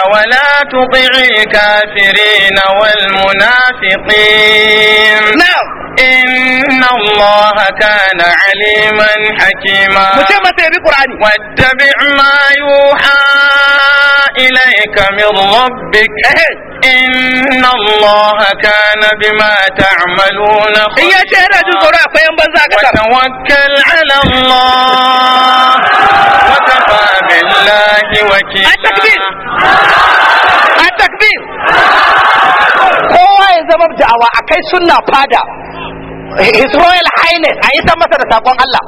ولا تطع الكافرين والمنافقين نعم إن الله كان عليما حكيما واتبع ما يوحى إليك من ربك إن الله كان بما تعملون خبيرا وتوكل على الله da'awa a kai sunna fada his royal highness a isa masa da sakon Allah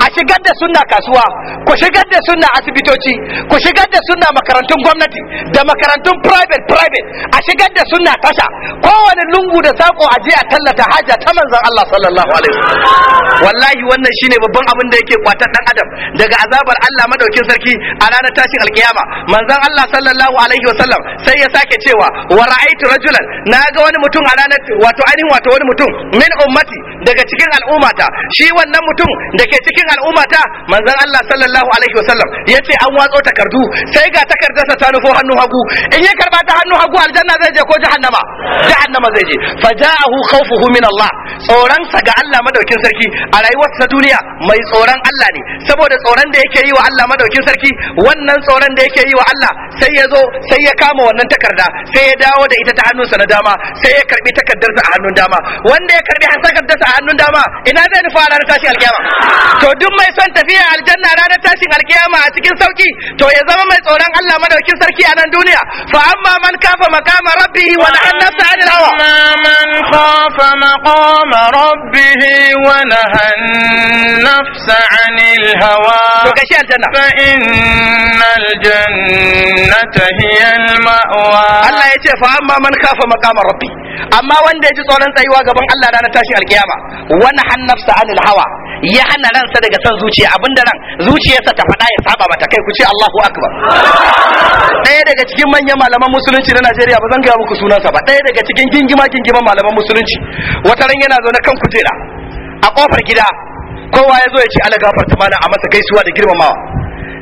a shigar da sunna kasuwa ku shigar da sunna asibitoci ku shigar da sunna makarantun gwamnati da makarantun private private a shigar da sunna tasha kowane lungu da sako a je a tallata haja ta manzon Allah sallallahu alaihi wallahi wannan shine babban abin da yake kwata dan adam daga azabar Allah madaukin sarki a ranar tashin alkiyama manzon Allah sallallahu alaihi wasallam sai ya sake cewa wa ra'aytu rajulan naga wani mutum a ranar wato ainihin wato wani mutum min ummat party daga cikin al'ummata shi wannan mutum da ke cikin al'ummata manzon Allah sallallahu alaihi wasallam yace an watso takardu sai ga takardarsa ta nufo hannu hagu in ya karba ta hannu hagu aljanna zai je ko jahannama jahannama zai je faja'ahu khawfuhu min Allah tsoron sa ga Allah madaukin sarki a rayuwar sa duniya mai tsoron Allah ne saboda tsoron da yake yi wa Allah madaukin sarki wannan tsoron da yake yi wa Allah sai ya zo sai ya kama wannan takarda sai ya dawo da ita ta hannunsa na dama sai ya karbi takardarsa a hannun dama wanda ya karbi takardarsa hannun dama ina zai nufa ranar tashin alkiyama to duk mai son tafiya aljanna ranar tashin alkiyama a cikin sauki to ya zama mai tsoron Allah madaukin sarki a nan duniya fa amma man kafa maqama rabbihi wa nahan nafsa anil hawa man khafa makama rabbihi wa nahan nafsa anil hawa to kashi aljanna fa innal jannata hiya al ma'wa Allah yace fa amma man kafa makama rabbi amma wanda ya ji tsoron tsayuwa gaban Allah ranar tashin alkiyama wani hannafsa anil hawa ya hana ransa daga son zuciya abinda ran zuciyarsa ta faɗa ya saba mata kai ku ce Allahu akbar ɗaya daga cikin manyan malaman musulunci na Najeriya ba zan gaya muku sunansa ba ɗaya daga cikin gingima gingiman malaman musulunci wata ran yana zaune kan kujera a kofar gida kowa ya zo ya ce ala gafarta mana a masa gaisuwa da girmamawa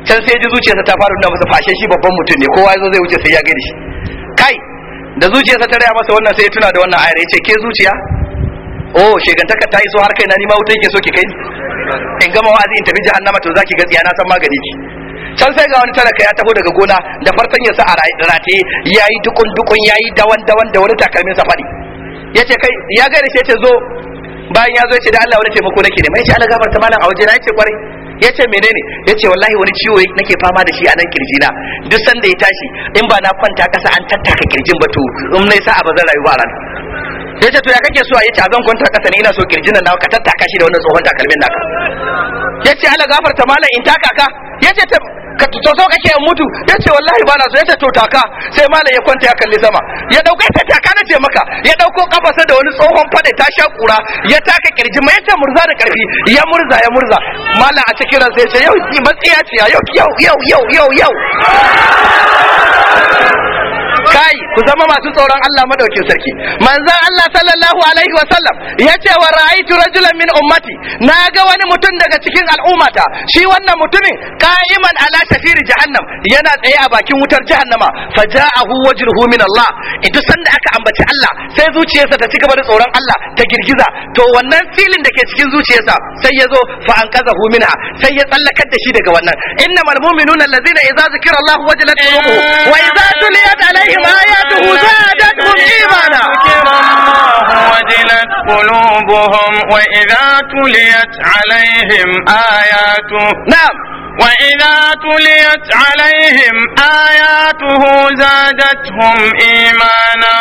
can sai ya ji zuciyarsa ta fara nuna masa fashe shi babban mutum ne kowa ya zo zai wuce sai ya gani. shi kai da zuciyarsa ta raya masa wannan sai ya tuna da wannan ayar ya ce ke zuciya oh shegantaka ta so har kai na nima wuta yake so ki kai in gama wa'azi in tafi jahannama to zaki gaskiya na san magani ki can sai ga wani talaka ya taho daga gona da farkon ya sa a rataye yi dukun dukun yi dawan dawan da wani takalmin safari ce kai ya gani sai ce zo bayan ya zo ya ce da Allah wani taimako nake ne mai shi Allah gafarta malam a waje na yace kwarai ce menene ce wallahi wani ciwo nake fama da shi a nan kirjina duk sanda ya tashi in ba na kwanta kasa an tattaka kirjin ba to in nai sa'a ba zan rayu ba ran ya ce to ya kake so a yi ce a zan kwanta kasa ne ina so kirjin nan ka tattaka shi da wannan tsohon takalmin naka ya ce ala gafarta malam in taka ka ya ce ka to so kake ya mutu ya ce wallahi bana so ya ce to taka sai malam ya kwanta ya kalli sama ya dauka ta taka na ce maka ya dauko kafasa da wani tsohon fada ta sha kura ya taka kirjin ma ya murza da karfi ya murza ya murza malam a cikin ransa ya ce yau matsiya ce yau yau yau yau yau kai ku zama masu tsoron Allah madaukin sarki manzon Allah sallallahu alaihi wa sallam ce wa ra'aytu rajulan min ummati na ga wani mutum daga cikin al'ummata shi wannan mutumin qa'iman ala shafiri jahannam yana tsaye a bakin wutar jahannama faja'ahu wajruhu min Allah idan sanda aka ambaci Allah sai zuciyarsa ta gaba da tsoron Allah ta girgiza to wannan filin da ke cikin zuciyarsa sai ya zo fa an hu minha sai ya tsallakar da shi daga wannan innamal mu'minuna allazina idza zikira Allah wajalat qulubuhum wa idza tuliyat alaihim ayat آمنوا زادتهم إيمانا وجلت قلوبهم وإذا تليت عليهم آياته نعم وإذا تليت عليهم آياته زادتهم إيمانا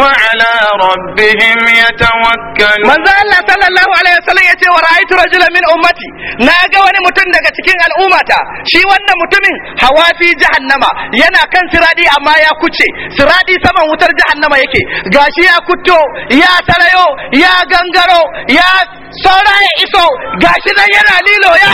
وعلى ربهم يتوكلون من ذا الله صلى الله عليه وسلم يتي ورأيت رجلا من أمتي ناقا وني متن daga cikin al'ummata shi wannan mutumin hawa fi jahannama yana kan siradi amma ya kuce siradi saman wutar jahannama yake gashi ya kutto ya tarayo ya gangaro ya saura ya iso gashi nan yana lilo ya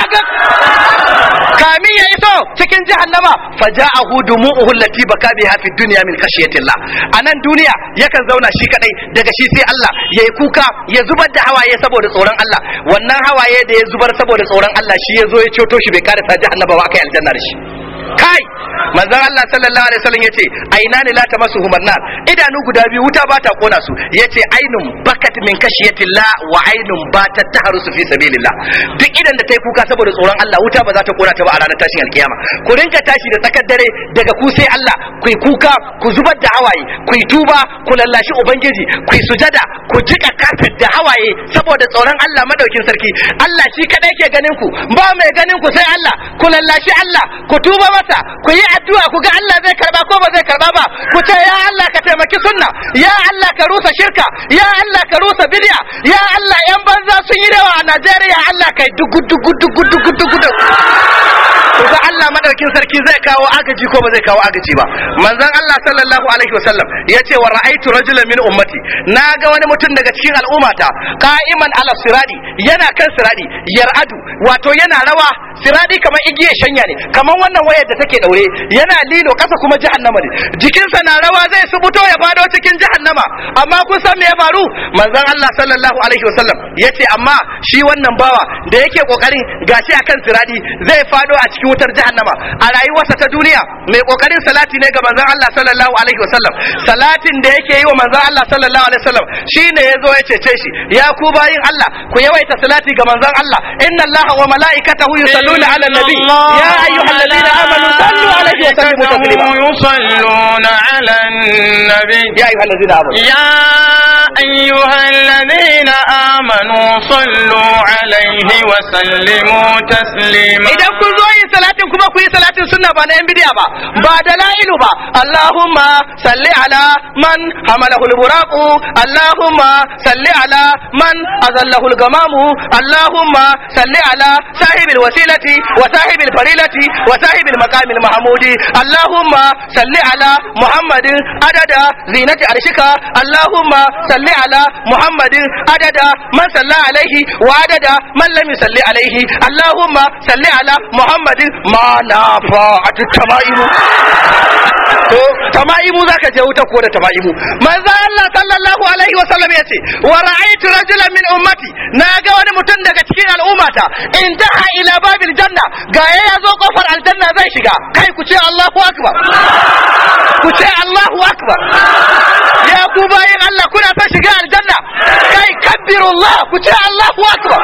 kamin ya iso cikin jahannama faja'ahu dumu'uhu allati baka biha fi dunya min khashiyatillah anan duniya yakan zauna shi kadai daga shi sai Allah yayi kuka ya zubar da hawaye saboda tsoron Allah wannan hawaye da ya zubar saboda tsoron Allah shi ya zo ya ceto shi bai karasa jahannama ba kai aljanna da shi kai manzon Allah sallallahu alaihi wasallam yace aina ne la masu nar idanu guda biyu wuta ba ta kona su yace ainun bakat min kashiyatillah wa ainun ba ta taharusu fi sabilillah duk idan da ta kuka saboda tsoron Allah wuta ba za ta kona ta ba a ranar tashin alkiyama ku rinka tashi da tsakar dare daga ku sai Allah ku yi kuka ku zubar da hawaye ku yi tuba ku lallashi ubangiji ku yi sujada ku jika kafir da hawaye saboda tsoron Allah madaukin sarki Allah shi kadai ke ganin ku ba mai ganin ku sai Allah ku lallashi Allah ku tuba mata ku yi addu'a ku ga Allah zai karba ko ba zai karba ba ku ce ya Allah ka taimaki sunna ya Allah ka rusa shirka ya Allah ka rusa bid'a ya Allah yan banza sun yi rawa a Najeriya Allah kai dugu dugu dugu dugu dugu ku ga Allah madarkin sarki zai kawo agaji ko ba zai kawo agaji ba manzon Allah sallallahu alaihi wasallam yace wa ra'aitu rajulan min ummati na ga wani mutum daga cikin al'ummata qa'iman ala siradi yana kan siradi yar'adu wato yana rawa siradi kamar igiyar shanya ne kamar wannan wayar da take daure yana lilo kasa kuma jahannama ne jikinsa na rawa zai subuto ya fado cikin jahannama amma kun san me ya faru manzon Allah sallallahu alaihi wasallam yace amma shi wannan bawa da yake kokarin gashi akan siradi zai fado a cikin wutar jahannama jahannama a rayuwarsa ta duniya mai kokarin salati ne ga manzon Allah sallallahu alaihi wasallam salatin da yake yi wa manzon Allah sallallahu alaihi wasallam shine yazo ya cece shi ya ku bayin Allah ku yawaita salati ga manzon Allah inna Allah wa malaikatahu yusalluna ala nabi ya ayyuhalladhina amanu sallu alaihi wa sallimu taslima yusalluna ala nabi ya ayyuhalladhina amanu ya ayyuhalladhina amanu sallu alaihi wa sallimu taslima idan ku zo yin salatin ku kuma ku yi salatin sunna ba na yan bidiya ba ba dalailu ba Allahumma salli ala man hamalahu alburaqu Allahumma salli ala man azallahu algamamu Allahumma salli ala sahibil wasilati wa sahibil farilati wa sahibil maqamil mahmudi Allahumma salli ala Muhammadin adada zinati arshika Allahumma salli ala Muhammadin adada man salla alaihi wa adada man lam yusalli alaihi Allahumma salli ala Muhammadin ma لا فاج اچھا چھوائی to tama'imu zaka je wuta ko da tama'imu manzo Allah sallallahu alaihi wa sallam yace wa ra'aytu rajulan min ummati na ga wani mutum daga cikin al'ummata intaha ila babil janna ga ya zo kofar aljanna zai shiga kai ku ce Allahu akbar ku ce Allahu akbar ya ku bayin Allah kuna son shiga aljanna kai kabbirullah ku ce Allahu akbar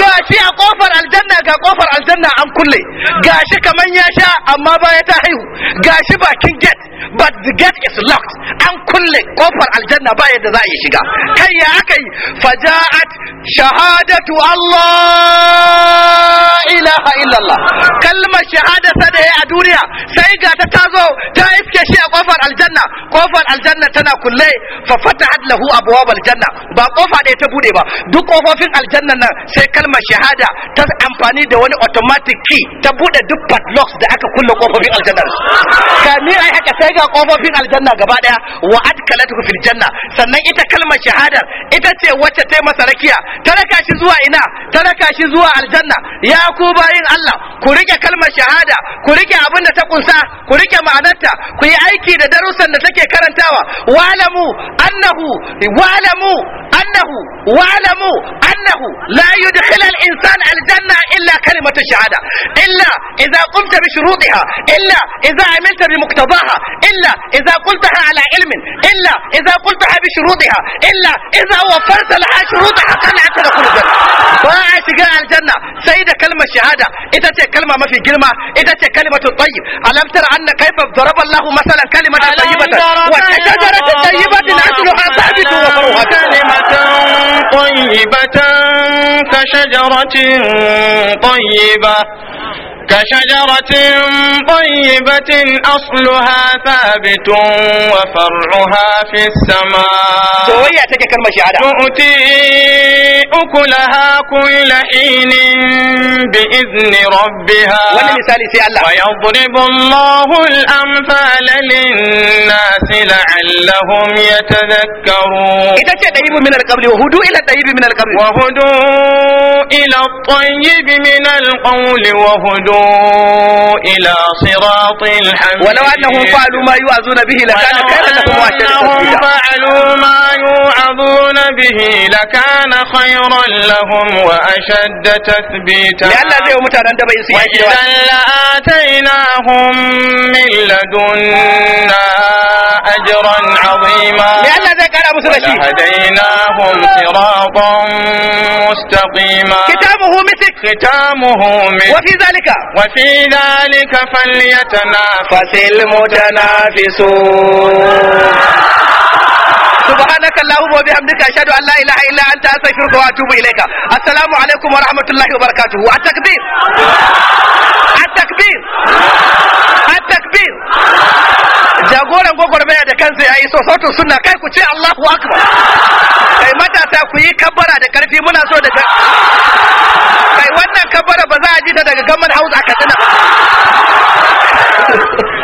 gashi a kofar aljanna ga kofar aljanna an kulle gashi kaman ya sha amma ba ya ta haihu gashi bakin gate but the gate is locked an kulle kofar aljanna ba yadda za a yi shiga kai ya aka yi faja'at shahadatu Allah ilaha illallah kalmar shahada ta da a duniya sai ga ta tazo ta iske shi a kofar aljanna kofar aljanna tana kulle fa fatahat lahu abwab aljanna ba kofa ɗaya ta bude ba duk kofofin aljanna nan sai kalmar shahada ta amfani da wani automatic key ta bude duk padlocks da aka kulle kofofin aljanna kamin ai haka sai ga kofofin aljanna gaba daya wa adkalatu fil janna sannan ita kalmar shahadar ita ce wacce ta masa rakiya ta raka shi zuwa ina ta raka shi zuwa aljanna ya ku bayin Allah ku rike kalmar shahada ku rike abin da ta kunsa ku rike ma'anarta ku yi aiki da darussan da take karantawa walamu annahu walamu annahu walamu annahu la yudkhil al insan al janna illa kalimatu shahada illa idza qumta bi shurutiha illa idza عملت بمقتضاها إلا إذا قلتها على علم إلا إذا قلتها بشروطها إلا إذا وفرت لها شروطها قنعت تقول ذلك باع شجاع الجنة سيدة كلمة شهادة إذا كلمة ما في كلمة إذا كلمة الطيب ألم تر أن كيف ضرب الله مثلا كلمة طيبة وشجرة طيبة اجلها ثابت وفرعها كلمة طيبة كشجرة طيبة كشجرة طيبة أصلها ثابت وفرعها في السماء تؤتي أكلها كل حين بإذن ربها ويضرب الله الأمثال للناس لعلهم يتذكرون وهدوا إلى الطيب من القول وهدوا إلى صراط الحميد ولو أنهم فعلوا ما يوعظون به لكان خيرا لهم وأشد تثبيتا فعلوا ما يوعظون به لكان خيرا لهم وأشد تثبيتا لأن وإذا لآتيناهم من لدنا أجرا عظيما لأن أبو ولهديناهم صراطا مستقيما ختامه مسك ختامه مسك وفي ذلك وفي ذلك فليتنافس المتنافسون سبحانك اللهم وبحمدك اشهد ان لا اله الا انت استغفرك واتوب اليك السلام عليكم ورحمه الله وبركاته التكبير التكبير التكبير jagoran gwagwarmaya da kansa ya yi sosotun suna kai ku ce Allahu Akbar kai matasa ku yi kabbara da karfi muna so da kai wannan kabbara ba za a ji ta daga gaman hausa a katsina ba